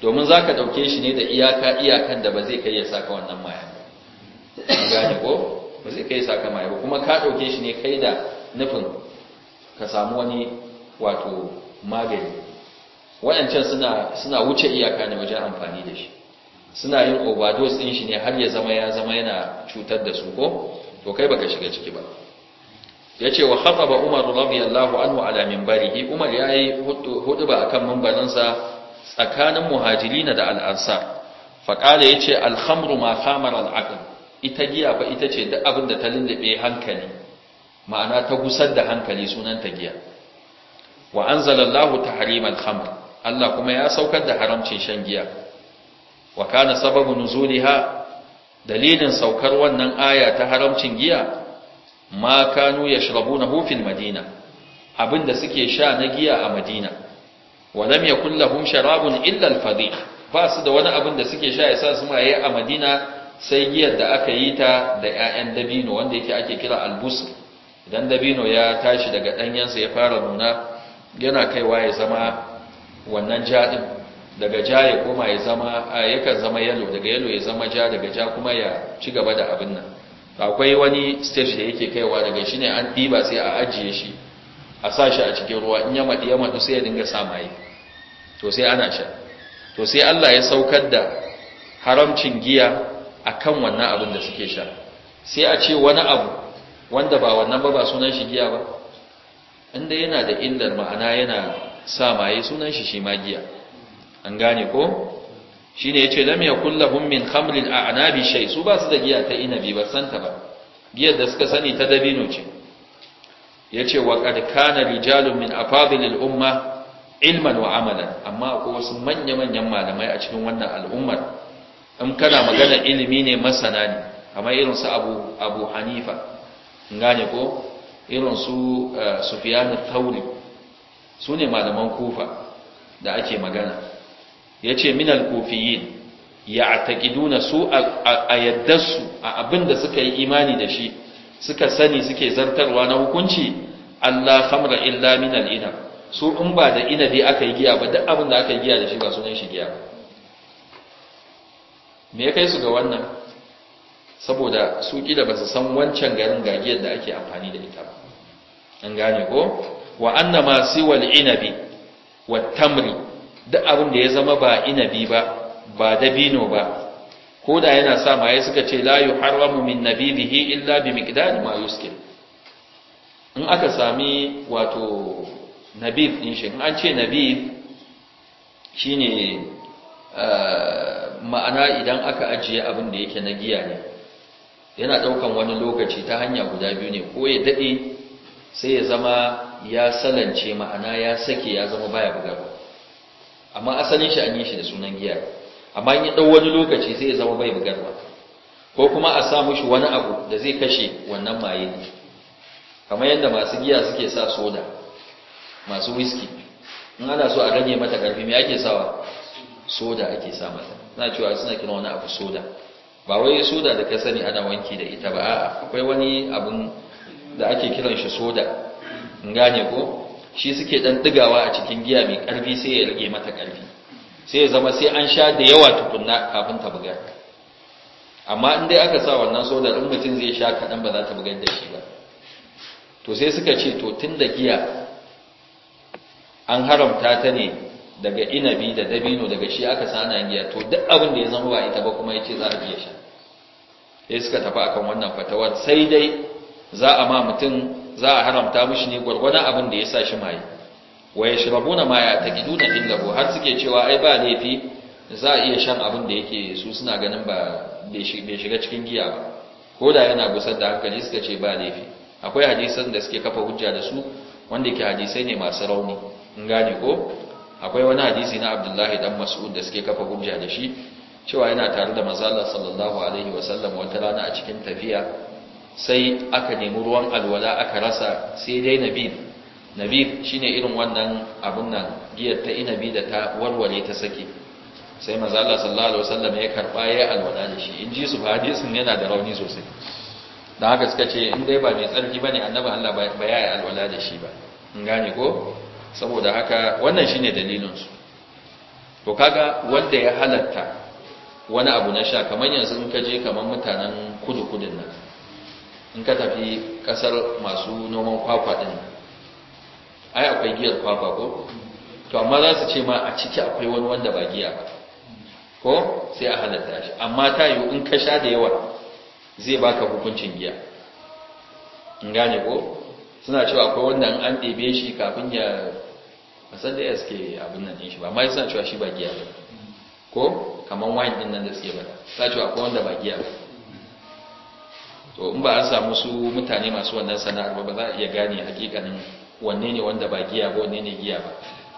domin zaka ɗauke shi ne da iyaka iyakan da ba zai kai ya saka wannan maye gane ko ba zai kai saka ba kuma ka dauke shi ne kai da nufin ka samu wani wato magani wayancan suna suna wuce iyaka ne wajen amfani da shi suna yin overdose din shi ne har ya zama ya zama yana cutar da su ko to kai baka shiga ciki ba yace wa khataba umar radiyallahu anhu ala minbarihi umar yayi ba akan minbarinsa tsakanin muhajirina da al-ansar faqala yace al-khamru ma khamara al-aql ita giya ba ita ce da abin da ta lullube hankali ma'ana ta gusar da hankali sunan ta giya wa anzalallahu tahrimal khamr Allah kuma ya saukar da haramcin shan giya wa kana sababu nuzuliha dalilin saukar wannan aya ta haramcin giya ma kanu yashrabunahu fil madina abinda suke sha na giya a madina wa lam yakul lahum sharabun illa al fadih ba su da wani abin da suke sha yasa su maye a madina sai giyar da aka yi ta da 'ya'yan dabino wanda yake ake kira albus idan dabino ya tashi daga ɗanyensa ya fara nuna yana kaiwa ya zama wannan jaɗin daga ja ya koma ya zama a yakan zama yalo daga yalo ya zama ja daga ja kuma ya ci gaba da abin nan akwai wani stage da yake kaiwa daga shi ne an ɗiba sai a ajiye shi a sa shi a cikin ruwa in ya maɗi ya maɗu sai ya dinga sa maye to sai ana sha to sai Allah ya saukar da haramcin giya akan wannan abin da suke sha sai a ce wani abu wanda ba wannan ba ba sunan shi giya ba inda yana da indar ma'ana yana sa maye sunan shi shi ma giya an gane ko ya yace lam yakul lahum min a a'nabi shai su ba su da giya ta inabi ba santa ba giyar da suka sani ta dabino ce Ya wa qad kana rijalun min afadilil umma ilman wa amalan amma akwai wasu manya-manyan malamai a cikin wannan al'ummar in kana magana ilimi ne masana ne kamar irin su abu abu hanifa gane ko irin su eh, Sufiyanu al-thawri su malaman kufa da ake magana yace min al-kufiyin taƙiduna su a yaddasu a abinda suka yi imani da shi suka sani suke zartarwa na hukunci Allah khamra illa min ina. su in ba da inabi aka yi giya ba duk abinda aka yi giya da shi ba sunan shi giya ba me ya kai su ga wannan saboda su kila ba su san wancan garin gagiyar da ake amfani da ita ba an gane ko wa annama siwal inabi wat tamri duk abin da ya zama ba inabi ba ba dabino ba ko da yana sa ma ya suka ce la yuharramu min nabibihi illa bi miqdar ma yuskil in aka sami wato nabib din shi in an ce nabib shine eh, ma'ana idan aka ajiye abin da yake na giya ne yana daukan wani lokaci ta hanya guda biyu ne ko ya dade sai ya zama ya salance ma'ana ya sake ya zama baya bugarwa amma asalin shi an yi shi da sunan giya amma in ya dau wani lokaci sai ya zama bai bugarwa ko kuma a samu shi wani abu da zai kashe wannan maye kamar yadda masu giya suke sa soda masu whisky in ana so a ganye mata karfi me ake sawa soda ake samata. mata suna cewa suna kira wani abu soda ba wai soda da ka sani ana wanki da ita ba akwai wani abun da ake kiran shi soda in gane ko shi suke dan digawa a cikin giya mai karfi sai ya rage mata karfi sai ya zama sai an sha da yawa tukunna kafin ta buga amma in dai aka sa wannan soda in mutum zai sha kaɗan ba za ta bugar da shi ba to sai suka ce to tun da giya an haramta ta ne daga inabi da dabino daga shi aka sana giya to duk abin da ya zama ba ita ba kuma yace za a iya sha sai suka tafi akan wannan fatawar sai dai za a ma mutum za a haramta mushi ne gwargwadon abin da ya sa shi maye wa yashrabuna ma ya'taqiduna illahu har suke cewa ai ba laifi za a iya shan abin da yake su suna ganin ba bai shiga cikin giya ba ko da yana gusar da hankali suka ce ba laifi akwai hadisan da suke kafa hujja da su wanda ke hadisai ne masu rauni in gane ko akwai wani hadisi na abdullahi dan mas'ud da suke kafa hujja da shi cewa yana tare da manzala sallallahu alaihi wasallam wata rana a cikin tafiya sai aka nemi ruwan alwala aka rasa sai dai nabil nabil shine irin wannan abun nan giyar ta inabi da ta warware ta sake sai manzala sallallahu alaihi wasallam ya karba ya alwala da shi in ji su hadisin yana da rauni sosai dan haka suka ce in dai ba mai tsarki ne annabi Allah ba ya alwala da shi ba in gane ko saboda haka wannan shine dalilinsu to kaga wanda ya halatta wani abu na sha kamar yanzu in ka je kamar mutanen kudu kudin nan in ka tafi kasar masu noman kwakwa din ai akwai giyar kwakwa ko to amma za su ce ma a ciki akwai wani wanda ba giya ba ko sai a halatta shi amma ta yiwu in ka sha da yawa zai baka hukuncin giya in gane ko suna cewa akwai wannan an ɗebe shi kafin ya san da ya suke abin nan ɗin shi ba mai suna cewa shi ba giya ba ko kamar wine ɗin nan da suke ba suna cewa akwai wanda ba giya ba to in ba an samu su mutane masu wannan sana'ar ba ba za a iya gane hakikanin wanne ne wanda ba giya ba wanne ne giya ba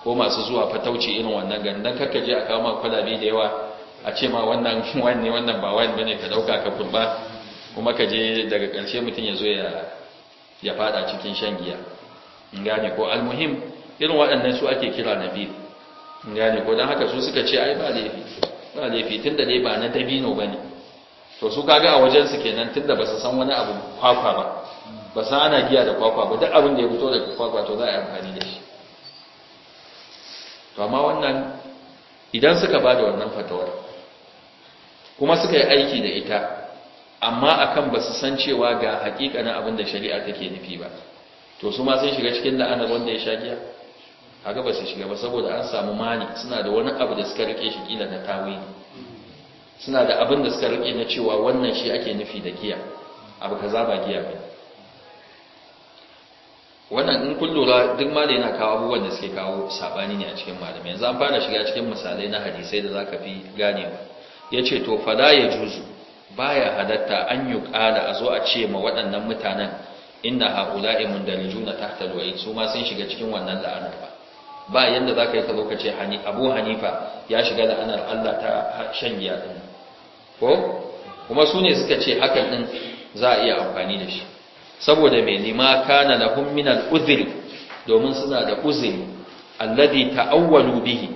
ko masu zuwa fatauci irin wannan ganin don je a kawo ma kwalabe da yawa a ce ma wannan wine ne wannan ba wine bane ka dauka ka kurba kuma ka je daga ƙarshe mutum ya zo ya ya fada cikin shan giya in gane ko almuhim irin waɗannan su ake kira nabi in gane ko don haka su suka ce ai ba laifi ba laifi tun da dai ba na dabino ba ne to su kaga a wajen su kenan tun da ba su san wani abu kwakwa ba ba san ana giya da kwakwa ba duk abin da ya fito daga kwakwa to za a yi amfani da shi to amma wannan idan suka ba da wannan fatawar kuma suka yi aiki da ita amma akan ba su san cewa ga hakikanin abin da shari'a take nufi ba to su ma sun shiga cikin la'anar wanda ya sha giya haka ba su shiga ba saboda an samu mani suna da wani abu da suka rike shi kila na tawi suna da abin da suka rike na cewa wannan shi ake nufi da giya abu kaza ba giya ba wannan in kun lura duk malai yana kawo abubuwan da suke kawo sabani ne a cikin malamai yanzu an fara shiga cikin misalai na hadisai da za ka fi ganewa ce to fada ya juzu baya halatta an yi ƙala a zo a ce ma waɗannan mutanen inna haƙula'i mun da rijuna ta talwa'i su ma sun shiga cikin wannan la'anar ba ba yadda za ka yi ka ce abu hanifa ya shiga la'anar allah ta shan giya ɗin ko kuma su ne suka ce hakan ɗin za a iya amfani da shi saboda mai lima kana lahum min al domin suna da uzuri alladhi ta'awwalu bihi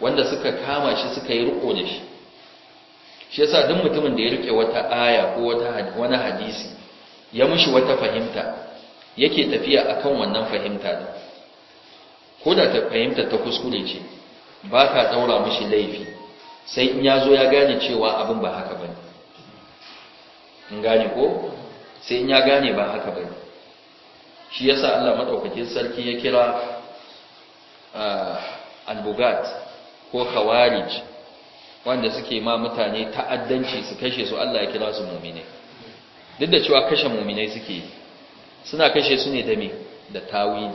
wanda suka kama shi suka yi riko da shi shi yasa duk mutumin da ya rike wata aya ko wata wani hadisi ya mushi wata fahimta yake tafiya akan wannan fahimta din ko da ta fahimta ta kuskure ce ba ka daura mushi laifi sai in ya zo ya gane cewa abin ba haka bane in gane ko sai in ya gane ba haka bane shi yasa Allah madaukakin sarki ya kira ah, al-bugat ko khawarij wanda suke ma mutane ta'addanci su kashe su Allah ya kira su mu'mine duk da cewa kashe mu'mine suke yi suna kashe su ne da me da tawili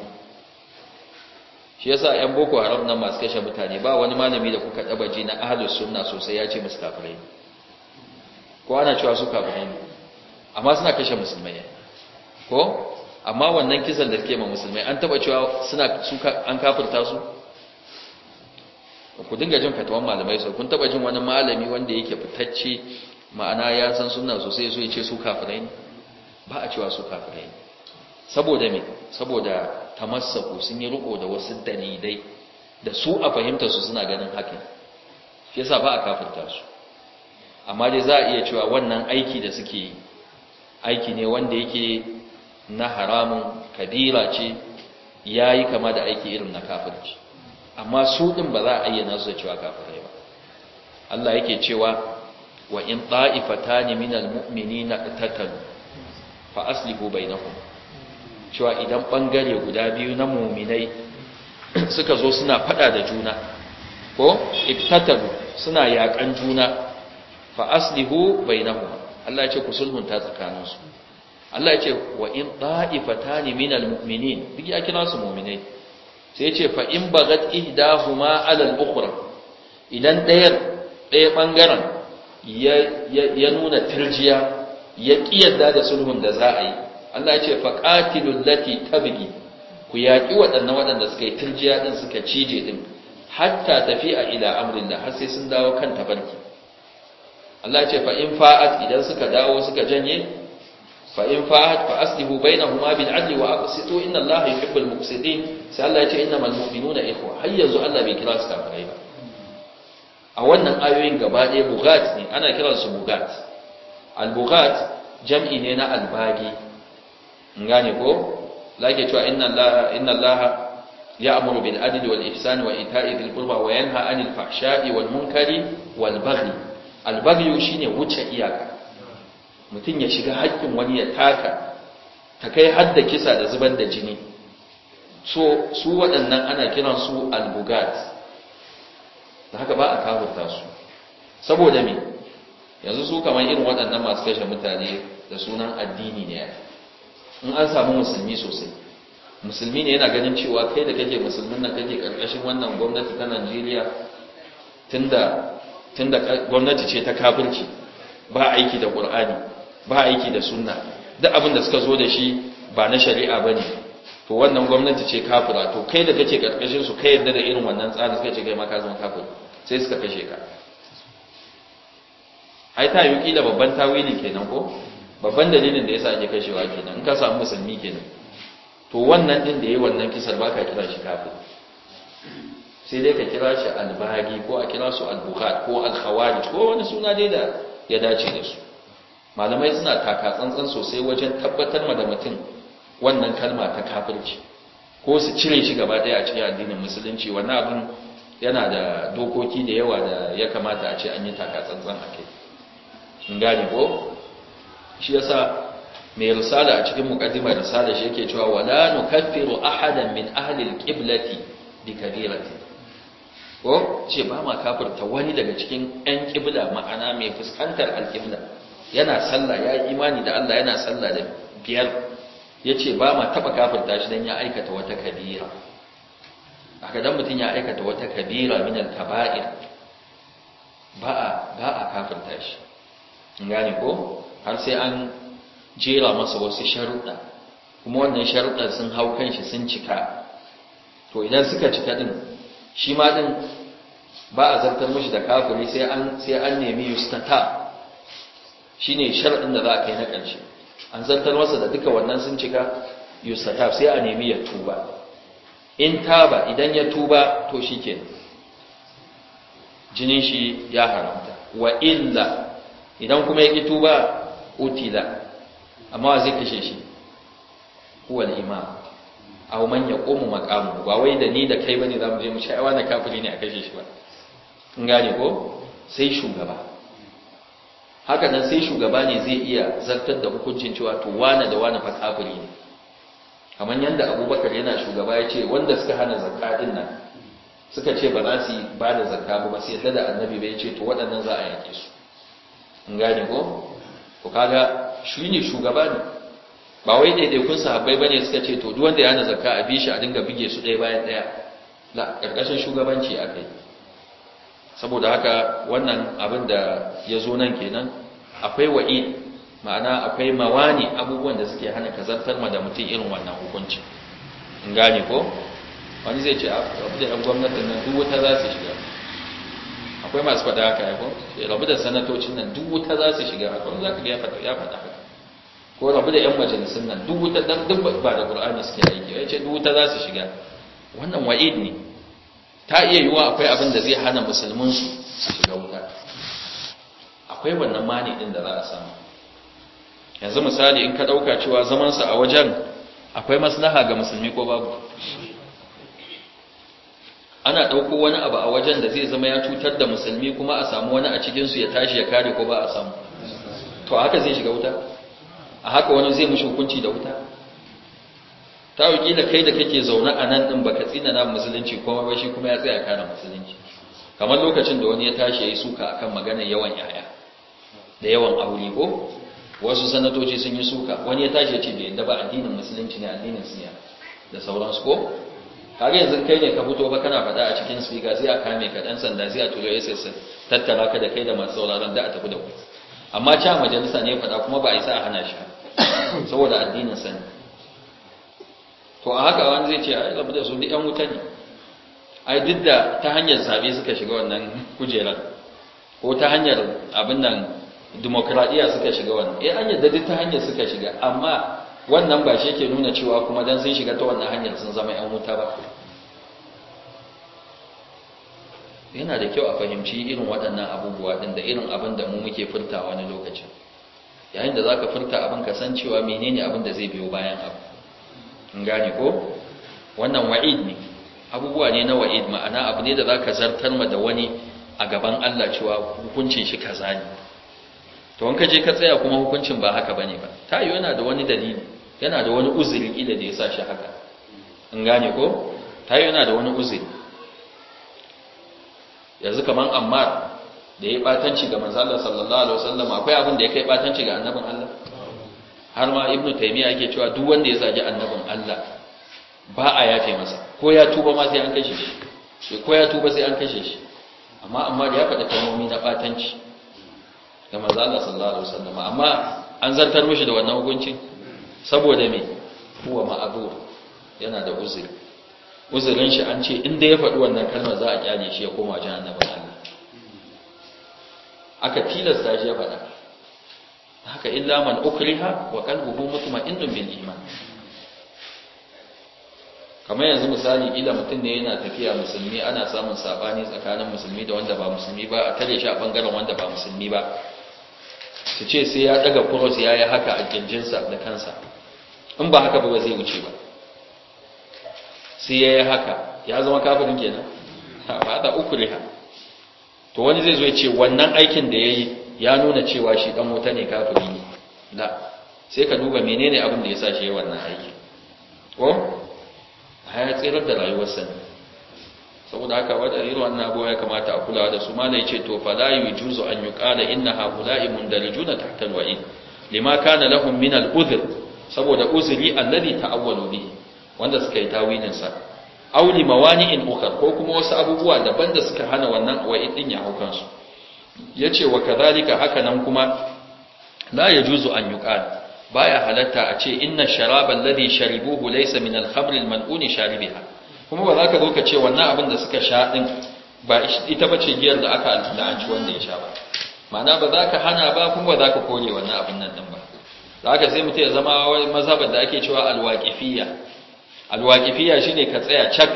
shi yasa ƴan boko haram nan masu kashe mutane ba wani malami da kuka taba ji na ahlus sunna sosai ya ce musu kafirai ko ana cewa su kafirai ne amma suna kashe musulmai ko amma wannan kisan da kake ma musulmai an taba cewa suna su an kafirta su ku dinga jin fatawan malamai sai, kun taba jin wani malami wanda yake fitacce ma'ana ya san sunna sosai sai ya ce su kafirai ne ba a cewa su kafirai ne saboda me saboda tamassaku sun yi riko da wasu dalilai da su a fahimta su suna ganin hakan shi yasa ba a kafirta su amma dai za a iya cewa wannan aiki da suke yi aiki ne wanda yake na haramun kabira ce ya yi kama da aiki irin na kafirci amma su din ba za a ayyana su da cewa kafirai ba Allah yake cewa wa in ta'ifatan minal mu'minina qatatalu fa aslihu bainahum cewa idan bangare guda biyu na mu'minai suka zo suna fada da juna ko iktatalu suna yakan juna fa aslihu bainahum Allah ya ce ku sulhunta tsakaninsu Allah ya ce wa in ta'ifatan minal mu'minin duk ya kina su mu'minai sai ce fa in bagat ihdahuma ala al-ukhra idan ɗayar ɗaya bangaren ya nuna tirjiya ya kiyarda da sulhun da za a yi Allah ya ce fa qatilul lati tabghi ku yaki waɗannan waɗanda suka yi tirjiya din suka cije din hatta tafi'a ila amrillah har sai sun dawo kan tabarki Allah ya ce fa in fa'at idan suka dawo suka janye fa in fa'at fa aslihu bainahuma bil adli wa aqsitu inna allaha yuhibbul muqsitin sai Allah ya ce innamal mu'minuna ikhwa har yanzu Allah bai kira su kafirai a wannan ayoyin gaba ɗaya bugat ne ana kiransu bugat al-bugat jam'i ne na albagi ngane ko lake cewa inna allaha inna allaha ya'muru bil adli wal ihsani wa ita'i dhil qurba wa yanha 'anil fahsha'i wal munkari wal baghi al-baghi shine wuce iyaka mutum ya shiga haƙƙin wani ya taka ta kai hadda kisa da zubar da jini so su waɗannan ana kiran su albugat da haka ba a kafurta su saboda me yanzu su kamar irin waɗannan masu kashe mutane da sunan addini ne ya in an samu musulmi sosai musulmi ne yana ganin cewa kai da kake musulmin nan kake karkashin wannan gwamnati ta Najeriya tunda da gwamnati ce ta kafirci ba aiki da Ƙur'ani. ba aiki da sunna duk abin da suka zo da shi ba na shari'a ba ne to wannan gwamnati ce kafira to kai da kake karkashin su kai yadda da irin wannan tsarin suka ce kai ma ka zama kafir sai suka kashe ka ai ta yi kila babban tawilin kenan ko babban dalilin da yasa ake kashewa kenan in ka samu musulmi kenan to wannan din da yayi wannan kisar baka kira shi kafin. sai dai ka kira shi albagi ko a kira su albukat ko alkhawarij ko wani suna dai da ya dace da su malamai suna taka tsantsan sosai wajen tabbatar da mutum wannan kalma ta kafirci ko su cire shi gaba ɗaya a cikin addinin musulunci wannan abin yana da dokoki da yawa da ya kamata a ce an yi taka tsantsan a kai in gane ko shi yasa mai risala a cikin muqaddima risala shi yake cewa wala nukaffiru ahadan min ahli alqiblati bi kabirati ko ce ba ma kafirta wani daga cikin ɗan kibla ma'ana mai fuskantar alqibla yana sallah ya yi imani da Allah yana sallah da biyar ya ce ba ma taɓa kafirta shi don ya aikata wata kabira haka kadan mutum ya aikata wata kabira minal kaba'ir ba a kafirta shi gani ko har sai an jera masa wasu sharuɗa kuma wannan sharuɗan sun hau kanshi sun cika to idan suka cika din shi ma din ba a zartar mashi da kafiri sai an nemi yustata shine shar'in da za a kai na ƙarshe an zartar masa da duka wannan sun cika yusuf sai a nemi ya tuba in taba idan ya tuba to shikenan jinin shi ya haramta wa illa idan kuma ya ki tuba utila amma zai kashe shi huwa al-imam aw man yaqumu maqamu ba wai da ni da kai bane zamu je mu sha'awa na kafin ne a kashe shi ba in gane ko sai shugaba haka nan sai shugaba ne zai iya zartar da hukuncin cewa to wane da wane fa ne kamar yadda abubakar yana shugaba ya ce wanda suka hana zakka din nan suka ce ba za su ba da zakka ba sai yadda da annabi bai ce to waɗannan za a yake su in gane ko ko kaga shi ne shugaba ne ba wai sa sahabbai bane suka ce to duk wanda ya hana zakka a bi shi a dinga bige su ɗaya bayan ɗaya la ƙarƙashin shugabanci a kai saboda haka wannan abin da ya zo nan kenan akwai wa'i ma'ana akwai mawani abubuwan da suke hana kazartar ma da mutum irin wannan hukunci in gane ko wani zai ce abu da gwamnatin nan duk wuta za su shiga akwai masu faɗa haka ya ko eh, rabu da sanatocin nan duk wuta za su shiga akwai za ka ga ya faɗa haka ko rabu da 'yan majalisun nan duk wuta dan duk ba da ƙur'ani suke aiki ya ce duk wuta za su shiga wannan wa'id ne ta iya yiwuwa akwai abin da zai hana musulmin su shiga wuta akwai wannan mani din da za a samu yanzu misali in ka dauka cewa zaman sa a wajen akwai maslaha ga musulmi ko babu ana dauko wani abu a wajen da zai zama ya cutar da musulmi kuma a samu wani a cikin su ya tashi ya kare ko ba a samu to haka zai shiga wuta a haka wani zai mushi hukunci da wuta ta wuki da kai da kake zaune a nan din baka tsina na musulunci kuma ba shi kuma ya tsaya kana musulunci kamar lokacin da wani ya tashi yayi suka akan maganar yawan yaya da yawan aure ko wasu sanatoci sun yi suka wani ya tashi ya ce bai yadda ba addinin musulunci ne addinin siya da sauransu ko kage yanzu kai ne ka fito ba kana faɗa a cikin sfiga sai a kame ka dan sanda sai a ya sai tattara ka da kai da masu sauraron da a tafi da ku amma cha majalisa ne faɗa kuma ba a isa a hana shi saboda addinin sani to a haka wani zai ce ai rabu da su duk yan wuta ne A duk da ta hanyar zaɓe suka shiga wannan kujerar ko ta hanyar abin nan demokradiya suka shiga wannan eh an da duk ta hanyar suka shiga amma wannan ba shi ke nuna cewa kuma don sun shiga ta wannan hanyar sun zama yan wuta ba yana da kyau a fahimci irin waɗannan abubuwa ɗin da irin abin da mu muke furta wani lokacin yayin da za ka furta abin ka san cewa menene abin da zai biyo bayan abu in gane ko wannan wa'id ne abubuwa ne na wa'id ma'ana abu ne da za ka zartar ma da wani a gaban Allah cewa hukuncin shi kaza ne to wanka je ka tsaya kuma hukuncin ba haka bane ba ta yi yana da wani dalili yana da wani uzuri ila da ya sa shi haka in gane ko ta yi yana da wani uzuri yanzu kaman ammar da ya yi batanci ga manzo Allah sallallahu alaihi wasallam akwai abin da ya kai batanci ga annabin Allah har ma ibnu taymiya yake cewa duk wanda ya zagi annabin Allah ba a yafe masa ko ya tuba ma sai an kashe shi ko ya tuba sai an kashe shi amma amma da ya faɗa kalmomi na batanci da manzo Allah sallallahu alaihi wasallam amma an zartar mishi da wannan hukuncin saboda me huwa ma'adur yana da uzuri uzurin shi an ce inda ya faɗi wannan kalmar za a kyale shi ya koma jihar annabin Allah aka tilasta shi ya faɗa haka illa man ukriha wa qalbuhu mutma'innun bil iman kamar yanzu misali ila mutum ne yana tafiya musulmi ana samun sabani tsakanin musulmi da wanda ba musulmi ba a tare shi a bangaren wanda ba musulmi ba su ce sai ya daga cross ya yi haka a kirjinsa da kansa in ba haka ba zai wuce ba sai ya yi haka ya zama kafirin kenan ba da ukriha to wani zai zo ya ce wannan aikin da ya yi ya nuna cewa shi dan wuta ne kafiri ne la sai ka duba menene abin da yasa shi wannan aiki ko haya tsirar da sa ne saboda haka wa irin wannan abu ya kamata a kula da su mala yace to fa la yujuzu an yuqala inna haula'i mundarijuna tahta al-wa'id lima kana lahum min al-udhr saboda uzuri alladhi ta'awwalu bi wanda suka yi tawilin sa auli li mawani'in ukhra ko kuma wasu abubuwa daban da suka hana wannan wa'id din ya haukansu? Ya ce wa kadhalika haka nan kuma la juzu an Ba ya halatta a ce inna sharaba alladhi sharibuhu laysa min al-khamr al-mal'un kuma ba za ka zo ka ce wannan abin da suka sha din ba ita bace giyar da aka an ci wanda ya sha ba ma'ana ba za ka hana ba kuma ba za ka kore wannan abin nan din ba da haka sai mutum ya zama wani mazhabar da ake cewa alwaƙifiya alwaƙifiya shine ka tsaya cak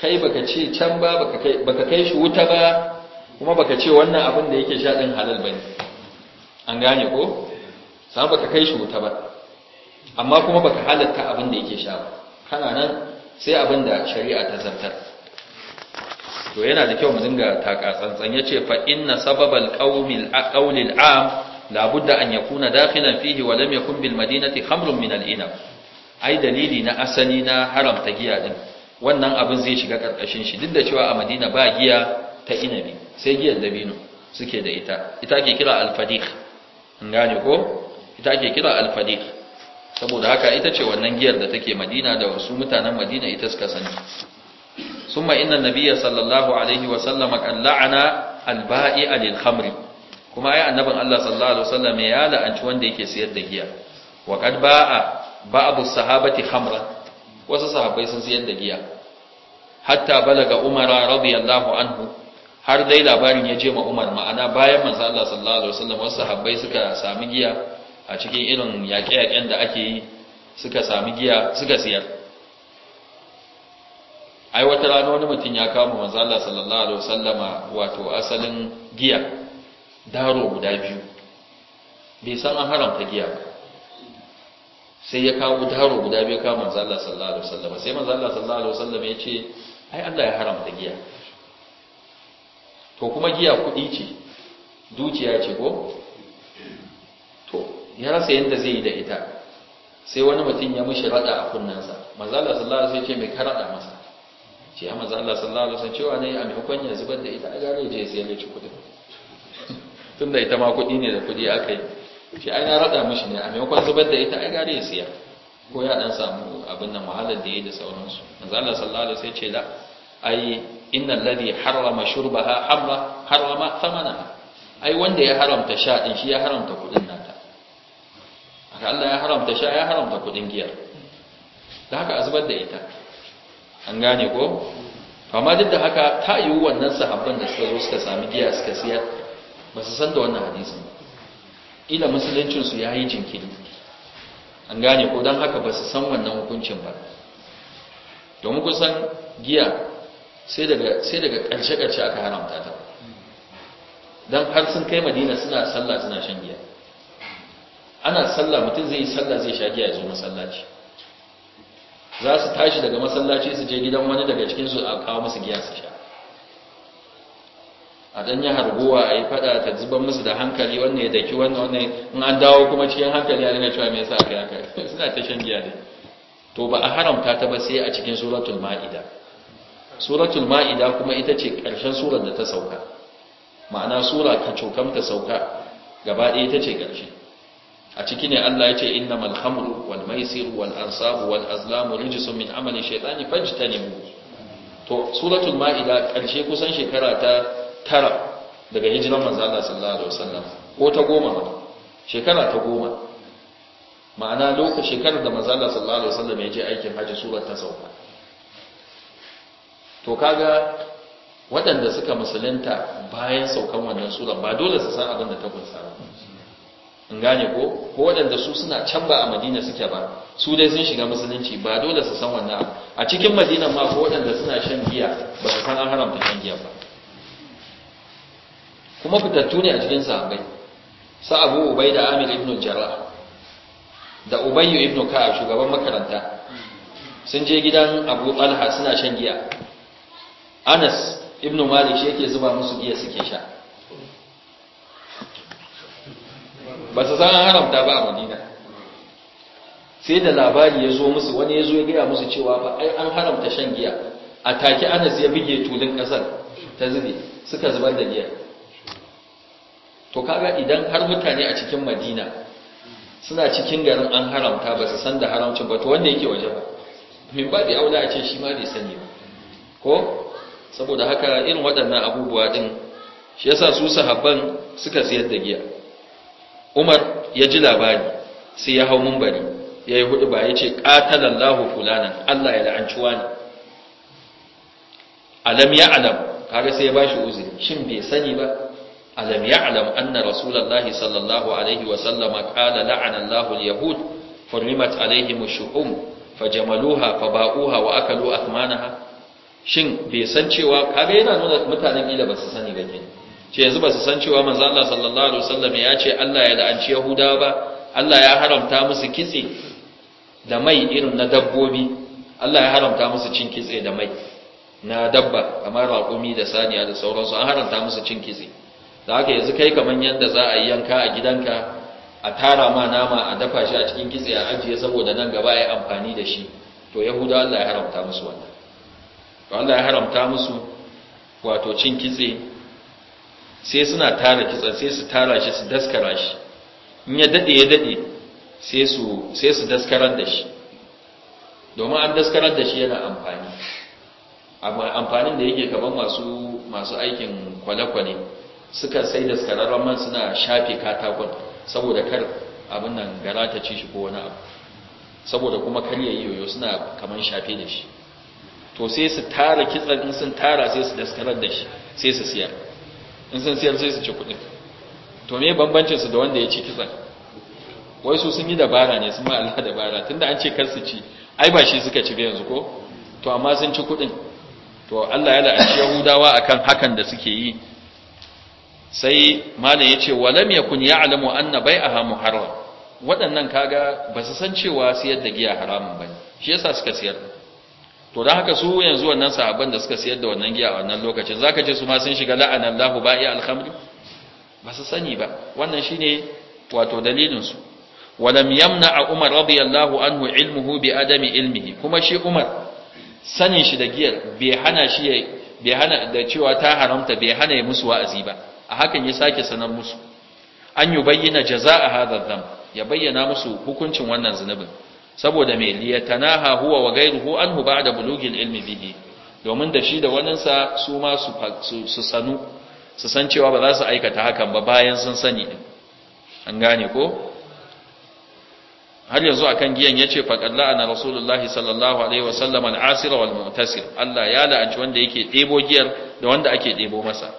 kai baka ce can ba baka kai shi wuta ba kuma baka ce wannan abin da yake sha din halal bane an gane ko sai baka kai shi wuta ba amma kuma baka halatta abin da yake sha ba kana nan sai abin da shari'a ta zartar to yana da kyau mu dinga taka tsantsan yace fa inna sababal qaumil aqawlil am la budda an yakuna dakhilan fihi wa lam yakun bil madinati khamrun min al inab ai dalili na asali na haramta giya din wannan abin zai shiga karkashin shi duk da cewa a madina ba giya ta inabi sai giyar dabino suke da ita ita ke kira alfadih in gane ko ita ke kira alfadih saboda haka ita ce wannan giyar da take madina da wasu mutanen madina ita suka sani ثم إن النبي صلى الله عليه وسلم قد لعن البائع khamri. kuma ai annabin Allah sallallahu alaihi sallam ya la'anci wanda yake siyar da giya wa qad ba'a ba'd sahabati khamra wasu sahabbai sun siyar da giya hatta balaga umara radiyallahu anhu har dai labarin ya je ma Umar ma'ana bayan manzo Allah sallallahu alaihi wasallam wasu sahabbai suka sami giya a cikin irin yaƙe-yaƙen da ake yi suka sami giya suka siyar ai wata rana wani mutum ya kama manzo Allah sallallahu alaihi wasallam wato asalin giya daro guda biyu bai san an haramta giya ba sai ya kawo daro guda biyu kama manzo Allah sallallahu alaihi wasallam sai manzo Allah sallallahu alaihi wasallam ya ce ai Allah ya haramta giya to kuma giya kuɗi ce dukiya ce ko to ya rasa yadda zai yi da ita sai wani mutum ya mishi rada a kunnansa mazala sallallahu alaihi wasallam ce mai karada masa ce ya ah, mazala sallallahu alaihi wasallam cewa ne a maimakon ya zubar da ita a gare je sai ya ci kudin tunda ita ma kuɗi ne da aka yi ce ai na rada mishi ne a maimakon zubar da ita a gare ya siya ko ya dan samu abin nan mahallar da ya yi da sauransu mazala sallallahu alaihi wasallam ce da. ai inna alladhi harrama shurbaha hamra harrama thamana ai wanda ya haramta sha din shi ya haramta kudin nata haka Allah ya haramta sha ya haramta kudin giya da haka azbar da ita an gane ko amma duk da haka ta yiwu wannan sahabban da suka zo suka sami giya suka siyar ba su san da wannan hadisin ila musuluncin su yayi jinkiri an gane ko dan haka ba su san wannan hukuncin ba domin kusan giya sai daga ƙarshe ƙarshe aka haramta ta dan har sun kai madina suna sallah suna shan giya ana sallah mutum zai yi sallah zai sha giya ya zo masallaci za su tashi daga masallaci su je gidan wani daga cikinsu a kawo musu giya su sha a dan yi harguwa a yi fada ta zuban musu da hankali wannan ya daki wannan wannan in an dawo kuma cikin hankali a rina cewa me yasa aka yi haka suna ta shan giya ne to ba a haramta ta ba sai a cikin suratul ma'ida suratul ma'ida kuma ita ce ƙarshen surar da ta sauka ma'ana sura ka cokam ta sauka gaba ɗaya ita ce ƙarshe a ciki ne Allah ya ce innamal khamru wal maisir wal ansabu wal azlamu rijsun min amali ta fajtanibu to suratul ma'ida ƙarshe kusan shekara ta tara daga hijiran manzo Allah sallallahu alaihi wasallam ko ta goma ma shekara ta goma ma'ana lokacin shekarar da manzo Allah sallallahu alaihi wasallam ya je aikin haji surar ta sauka to kaga waɗanda suka musulunta bayan saukan wannan sura ba dole su san abin da ta kunsa in gane ko ko waɗanda su suna can ba a madina suke ba su dai sun shiga musulunci ba dole su san wannan a cikin madina ma ko waɗanda suna shan giya ba su san an haramta shan giya ba kuma fitattu ne a cikin sahabbai sa abu ubai da amir ibn jarrah da ubayyu ibn ka'ab shugaban makaranta sun je gidan abu talha suna shan giya anas ibn malik shi yake zuba musu giya suke sha ba su san an haramta ba a madina sai da labari ya zo musu wani ya zo ya gaya musu cewa ba ai an haramta shan giya a take anas ya buge tulun kasar ta zube suka zubar da giya to kaga idan har mutane a cikin madina suna cikin garin an haramta ba su san da haramcin ba to wanda yake waje ba min ba da aula a ce shi ma bai sani ba ko saboda haka irin waɗannan abubuwa ɗin shi yasa su sahabban suka siyar da giya Umar ya ji labari sai ya hau munbari yayi hudu ba yace qatalallahu fulanan Allah ya la'anci wani alam ya alam kaga sai ya bashi uzuri shin bai sani ba alam ya alam anna rasulullahi sallallahu alaihi wa sallama qala la'ana Allahu yahud furimat alaihim ash Jamaluha, fajamaluha faba'uha wa akalu athmanaha shin bai san cewa kaga yana nuna mutanen gida ba su sani ba ke ce yanzu ba su san cewa manzo Allah sallallahu alaihi wasallam ya ce Allah ya la'anci Yahuda ba Allah ya haramta musu kitse da mai irin na dabbobi Allah ya haramta musu cin kitse da mai na dabba kamar raƙumi da saniya da sauransu an haramta musu cin kitse da haka yanzu kai kaman yanda za a yi yanka a gidanka a tara ma nama a dafa shi a cikin kitse a ajiye saboda nan gaba a yi amfani da shi to yahuda Allah ya haramta musu wannan Allah ya haramta musu wato cin kitse sai suna tara kitsa sai su tara shi su daskara shi in ya dade ya dade sai su sai su daskarar da shi domin an daskarar da shi yana amfani amma amfanin da yake kaman masu masu aikin kwale-kwale suka sai daskararren man suna shafe katakon saboda kar abin nan gara ta ci shi ko wani abu saboda kuma kar ya yi yoyo suna kaman shafe da shi to sai su tara kitsan in sun tara sai su daskarar da shi sai su siyar in sun siyar sai su ci kuɗin to me bambancin su da wanda ya ci kitsan wai su sun yi dabara ne sun ma Allah dabara tunda an ce kar su ci ai ba shi suka ci ba yanzu ko to amma sun ci kuɗin to Allah ya la'anci Yahudawa akan hakan da suke yi sai malam yace lam yakun ya'lamu anna bai'aha muharram waɗannan kaga ba su san cewa siyar da giya haramun bane shi yasa suka siyar to da haka su yanzu wannan sahabban da suka siyar da wannan giya a wannan lokacin zaka ce su ma sun shiga la'anallahu ba'i alhamdu ba su sani ba wannan shine wato dalilin su walam yamna a umar radiyallahu anhu ilmuhu bi adami ilmihi kuma shi umar sanin shi da giyar bai hana shi bai hana da cewa ta haramta bai hana ya musu wa'azi ba a hakan ya sake sanar musu an yi bayyana jaza'a hadha dhanb ya bayyana musu hukuncin wannan zunubin saboda me liyatanaha huwa wa hu anhu ba'da bulugin ilmi bihi domin da shi da waninsa su ma su sanu su san cewa ba za su aikata hakan ba bayan sun sani din an gane ko har yanzu akan giyan yace faqad la'ana rasulullahi sallallahu alaihi wasallam al-asir wal mu'tasir Allah ya la'anci wanda yake debo giyar da wanda ake debo masa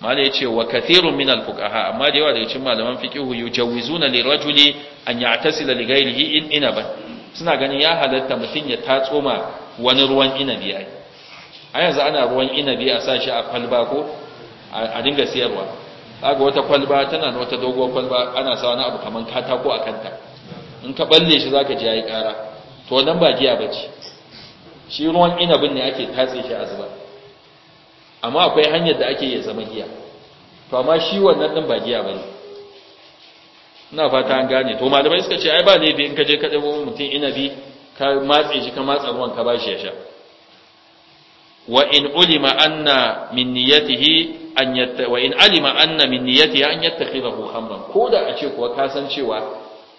malai yace wa kathirun min al-fuqaha amma da yawa daga cikin malaman fiqhu yujawizuna lirajuli an ya'tasila li ghayrihi in inaban suna ganin ya halatta mutum ya tatso ma wani ruwan inabi yi a yanzu ana ruwan inabi a sa shi a kwalba ko a dinga siyarwa ga wata kwalba tana da wata doguwar kwalba ana sa wani abu kaman katako a kanta in ka balle shi zaka ji yayi kara to wannan ba giya bace shi ruwan inabin ne ake tatse shi a zuba amma akwai hanyar da ake ya zama giya to amma shi wannan din ba giya bane ina fata an gane to malamai suka ce ai ba laifi in ka je ka ɗabo mutum inabi ka matse shi ka matsa ruwan ka bashi ya sha wa in ulima anna min niyyatihi an yatta wa in alima anna min niyyatihi an khamran ko da a ce kuwa ka san cewa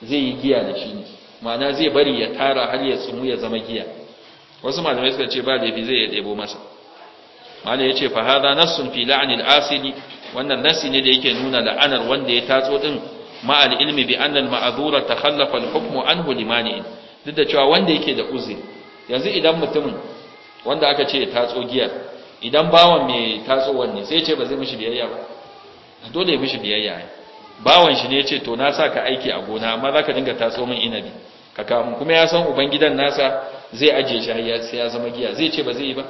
zai yi giya da shi ne ma'ana zai bari ya tara har ya tsumu ya zama giya wasu malamai suka ce ba laifi zai ya ɗebo masa malai ya ce fa hadha nassun fi la'anil asili wannan nassi ne da yake nuna la'anar wanda ya tatso din مع العلم بأن المعذور تخلف الحكم عنه لمانع duk da cewa wanda yake da uzuri yanzu idan mutumin wanda aka ce tatso giya idan bawan mai tatsowar ne sai ce ba zai mishi biyayya ba dole ya mishi biyayya ne bawan shi ne ce to na sa ka aiki a gona amma za ka dinga tatso min inabi ka kamun kuma ya san ubangidan nasa zai ajiye shi sai ya zama giya zai ce ba zai yi ba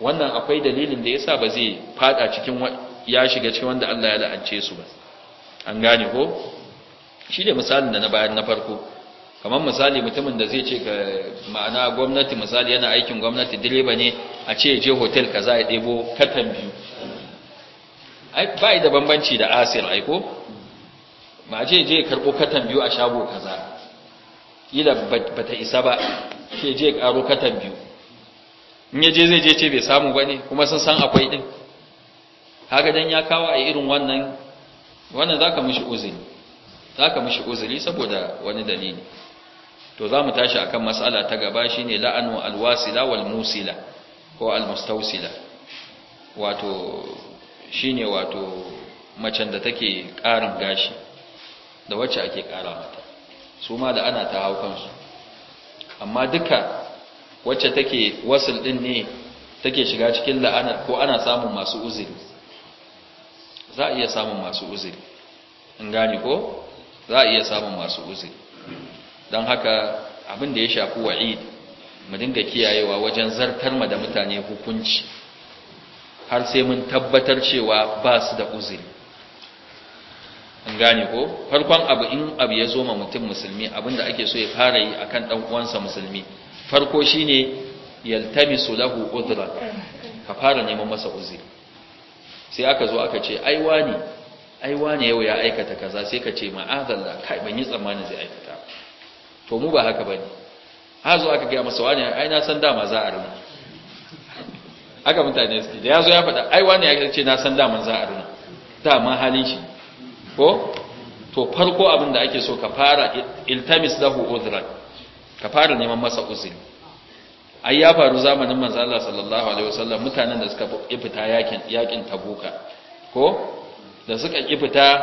wannan akwai dalilin da yasa ba zai fada cikin ya shiga cikin wanda Allah ya la'ance su ba an gane ko shi da misalin da na bayan na farko kamar misali mutumin da zai ce ka ma'ana gwamnati misali yana aikin gwamnati direba ne a ce je hotel ka za a ɗebo katan biyu ba da bambanci da asir aiko ma je je karɓo katan biyu a shago kaza ila ba ta isa ba ke je ƙaro katan biyu in ya je zai je ce bai samu ba ne kuma sun san akwai ɗin haka dan ya kawo a irin wannan wannan zaka mishi uzuri zaka mishi uzuri saboda wani dalili to za mu tashi kan matsala ta gaba shine la'anu alwasila wal musila ko almustawsila wato shine wato macen da take ƙarin gashi da wacce ake ƙara mata su ma da ana ta hau kansu amma duka wacce take wasul din ne take shiga cikin la'anar ko ana samun masu uzuri za a iya samun masu uzuri in gane ko za a iya samun masu uzuri don haka abin da ya shafi wa'id mu dinga kiyayewa wajen zartar ma da mutane hukunci har sai mun tabbatar cewa ba su da uzuri in gane ko farkon abu in abu ya zo ma mutum musulmi abin da ake so ya fara yi a kan ɗanuwansa musulmi farko shine su lahu udra ka fara neman masa uzuri sai aka zo aka ce aiwa ne aiwa ne yau ya aikata kaza sai ka ce ma'azalla kai ban yi tsammanin zai aikata to mu ba haka bane har zo aka gaya masa wani ai na san dama za a rina aka mutane suke da ya zo ya faɗa aiwa ne ya ce na san dama za a rina dama halin shi ko to farko abin da ake so ka fara iltamis lahu uzran ka fara neman masa uzuri ai ya faru zamanin manzo Allah sallallahu alaihi wasallam mutanen da suka fita yakin yakin tabuka ko da suka kifita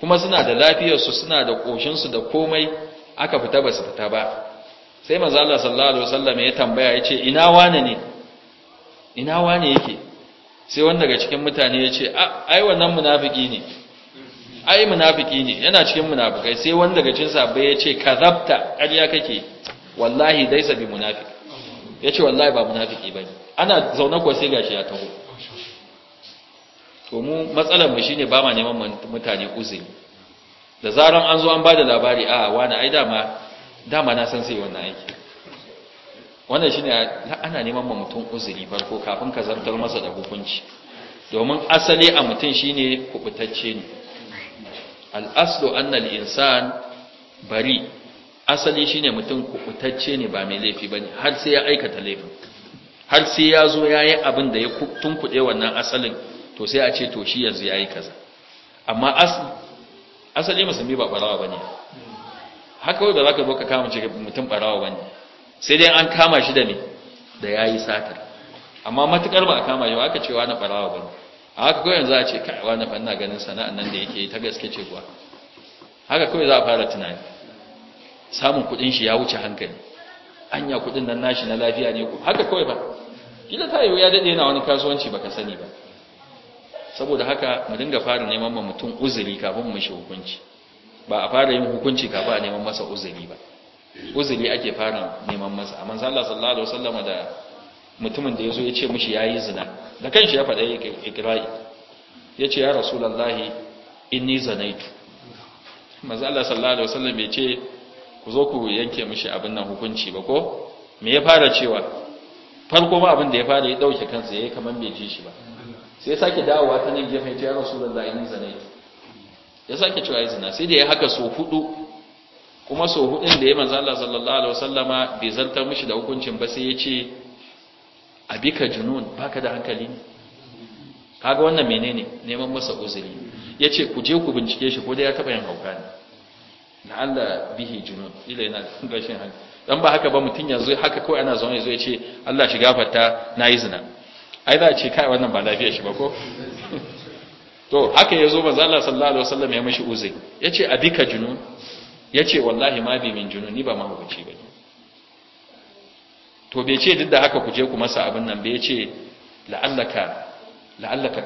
kuma suna da lafiyar su suna da koshin su da komai aka fita ba su fita ba sai manzo Allah sallallahu alaihi wasallam ya tambaya yace ina wane ne ina wane yake sai wanda daga cikin mutane yace ai wannan munafiki ne ai munafiki ne yana cikin munafikai sai wanda daga cikin ya yace kazabta ƙarya kake wallahi dai sabi munafiki ya ce wallahi ba munafiki ba ne ana zaune kuwa sai gashi ya taho to mu matsalarmu ne ba ma neman mutane uzuri da zaran an zo an ba da labari a ah, wani ai dama dama na san sai wannan aiki wannan shine ne ana neman ma mutum uzuri farko kafin ka zartar masa da hukunci domin asali a mutum shi ne kubutacce ne al'aslo annal insan bari asali shine mutum kukutacce ne ba mai laifi ne har sai ya aikata laifin har sai ya zo ya yi abin da ya tunkuɗe wannan asalin to sai a ce to shi yanzu ya yi kaza amma asali musulmi ba ɓarawa ba ne haka wadda za ka zo ka kama ce mutum ɓarawa ba ne sai dai an kama shi da ne da ya yi satar amma matuƙar ba a kama shi ba aka ce wani ɓarawa ba ne a haka kawai yanzu a ce ka wani fanna ganin sana'an nan da yake ta gaske ce kuwa haka kawai za a fara tunani samun kudin shi ya wuce hankali anya kudin nan nashi na lafiya ne ko haka kawai ba kila ta yi ya dade yana wani kasuwanci baka sani ba saboda haka mu dinga fara neman ma mutum uzuri kafin mu shi hukunci ba a fara yin hukunci kafin a neman masa uzuri ba uzuri ake fara neman masa amma Allah sallallahu alaihi wasallam da mutumin da yazo ya ce mishi yayi zina da kanshi ya faɗa ikrai ya ce ya rasulullahi inni zanaitu manzo Allah sallallahu alaihi wasallam ya ce ku zo ku yanke mishi abin nan hukunci ba ko me ya fara cewa farko ma abin da ya fara ya dauke kansa yayi kaman bai ji shi ba sai sake dawowa ta nan gefe ta ya rasulullahi in ya sake cewa zina sai da ya haka so hudu kuma so hudun da ya manzo Allah sallallahu alaihi wasallama bai zartar mishi da hukuncin ba sai ya ce abika junun baka da hankali kaga wannan menene neman masa uzuri yace ku je ku bincike shi ko dai ya taba yin hauka ne la'alla bihi junun ila yana gashin hali dan ba haka ba mutun yanzu haka kawai ana zaune yazo ya ce Allah shi gafarta nayi zina ai za a ce kai wannan ba lafiya shi ba ko to haka yazo manzo Allah sallallahu alaihi wasallam ya mishi uzai yace abika junun yace wallahi ma bi min junun ni ba mahukunci ba to bai ce duk da haka ku je ku masa abin nan bai ce la'allaka la'allaka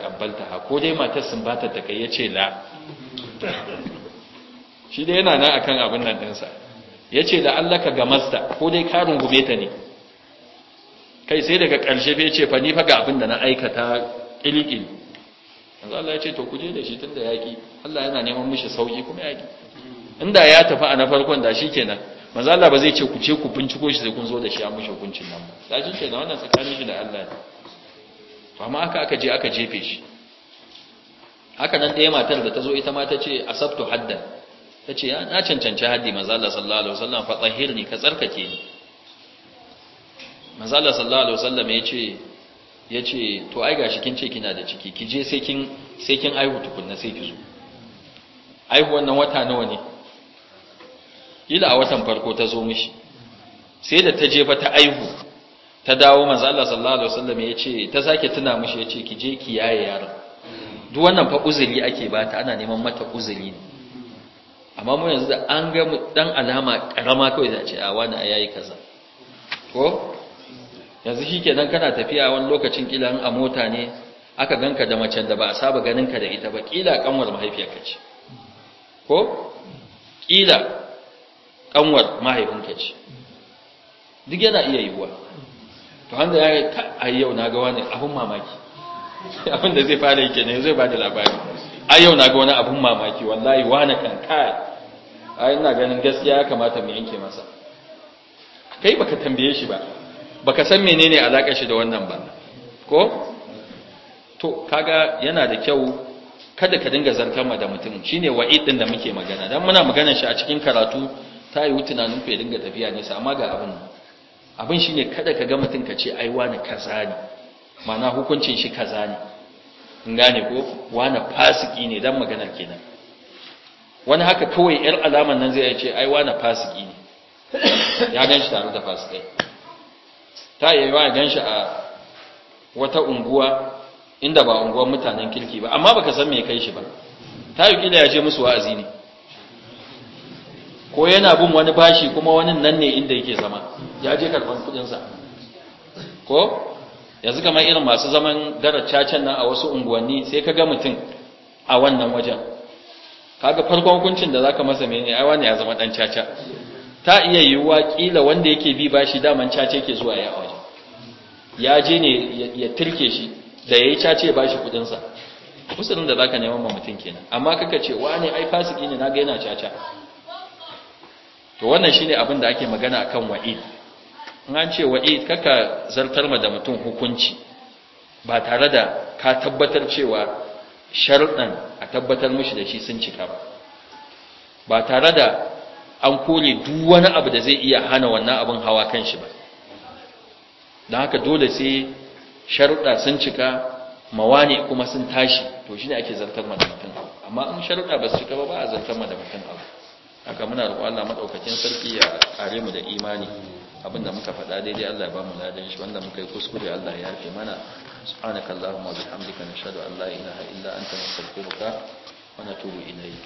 ha ko dai matar sun bata ta kai yace la shi dai yana nan akan abin nan ɗinsa ya ce la'allaka ga mazda ko dai ka rungume ta ne kai sai daga ƙarshe bai ce fa ni fa ga abin da na aikata ƙilƙil yanzu Allah ya ce to ku je da shi tunda yaƙi Allah yana neman mishi sauƙi kuma yaƙi inda ya tafi a na farkon da shi kenan manzo Allah ba zai ce ku ce ku binciko shi sai kun zo da shi a mishi hukuncin nan ba da shi kenan wannan tsakanin shi da Allah ne To amma aka aka je aka jefe shi haka nan ɗaya matar da ta zo ita ma ta ce asabtu haddan tace ya na cancanci haddi manzo sallallahu alaihi wasallam fa tsahirni ka tsarkake ni manzo sallallahu alaihi wasallam ya ce, to ai gashi kin ce kina da ciki ki je sai kin sai kin aihu tukunna sai ki zo aihu wannan wata nawa ne ila a watan farko ta zo mishi sai da ta je fa ta aihu ta dawo manzo Allah sallallahu alaihi wasallam ce, ta sake tuna mishi ya ce ki je ki yaye yaron duk wannan fa uzuri ake bata ana neman mata uzuri ne amma mu yanzu da an ga dan alama karama kawai za ce a wani a yayi kaza ko yanzu shi kenan kana tafiya wani lokacin kila a mota ne aka ganka da macen da ba a saba ganin ka da ita ba kila kanwar ka ce ko kila kanwar mahaifinka ce duk yana iya yiwuwa to wanda ya yi ta a yau na ga wani abin mamaki abin da zai fara yake ne zai ba da labari a yau na ga wani abun mamaki wallahi wani kan kai a ina ganin gaskiya ya kamata mu yanke masa kai baka tambaye shi ba baka san menene alaka shi da wannan ba ko to kaga yana da kyau kada ka dinga zartar ma da mutum shine wa'id din da muke magana dan muna magana shi a cikin karatu ta yi tunanin ku ya dinga tafiya ne amma ga abin abin shine kada ka ga mutum ka ce ai wani kaza ne ma'ana hukuncin shi kaza ne in gane ko wani fasiki ne dan maganar kenan wani haka kawai yar alaman nan zai ce ai wani fasiki ne ya ganshi tare da fasikai ta yi wa ganshi a wata unguwa inda ba unguwar mutanen kirki ba amma baka san me kai shi ba ta yi kila ya ce musu wa'azi ne ko yana bin wani bashi kuma wani nan ne inda yake zama ya je karban kudinsa ko yanzu kamar irin masu zaman darar cacen nan a wasu unguwanni sai ka ga mutum a wannan wajen kaga farkon hukuncin da zaka masa mene ai wani ya zama dan caca ta iya yiwuwa kila wanda yake bi bashi daman cace yake zuwa ya ya je ne ya tirke shi da yayi caca cace bashi kudin sa usulin da zaka neman mutum kenan amma kaka ce wani ai fasiki ne naga yana caca to wannan shine abin da ake magana akan wa'id in an ce wa'id kaka zartar ma da mutum hukunci ba tare da ka tabbatar cewa sharuɗan a tabbatar mishi da shi sun cika ba ba tare da an kore duk wani abu da zai iya hana wannan abin hawa kan shi ba don haka dole sai sharuɗa sun cika mawane kuma sun tashi to shi ne ake zartar ma da mutum amma in sharuɗa ba su cika ba ba a zartar ma da mutum abu haka muna roƙon Allah madaukakin sarki ya kare mu da imani abinda muka faɗa daidai Allah ya ba mu ladan shi wanda muka yi kuskure Allah ya fi mana subhanaka allahumma wa bihamdika nashhadu an la ilaha illa anta nastaghfiruka wa natubu ilayk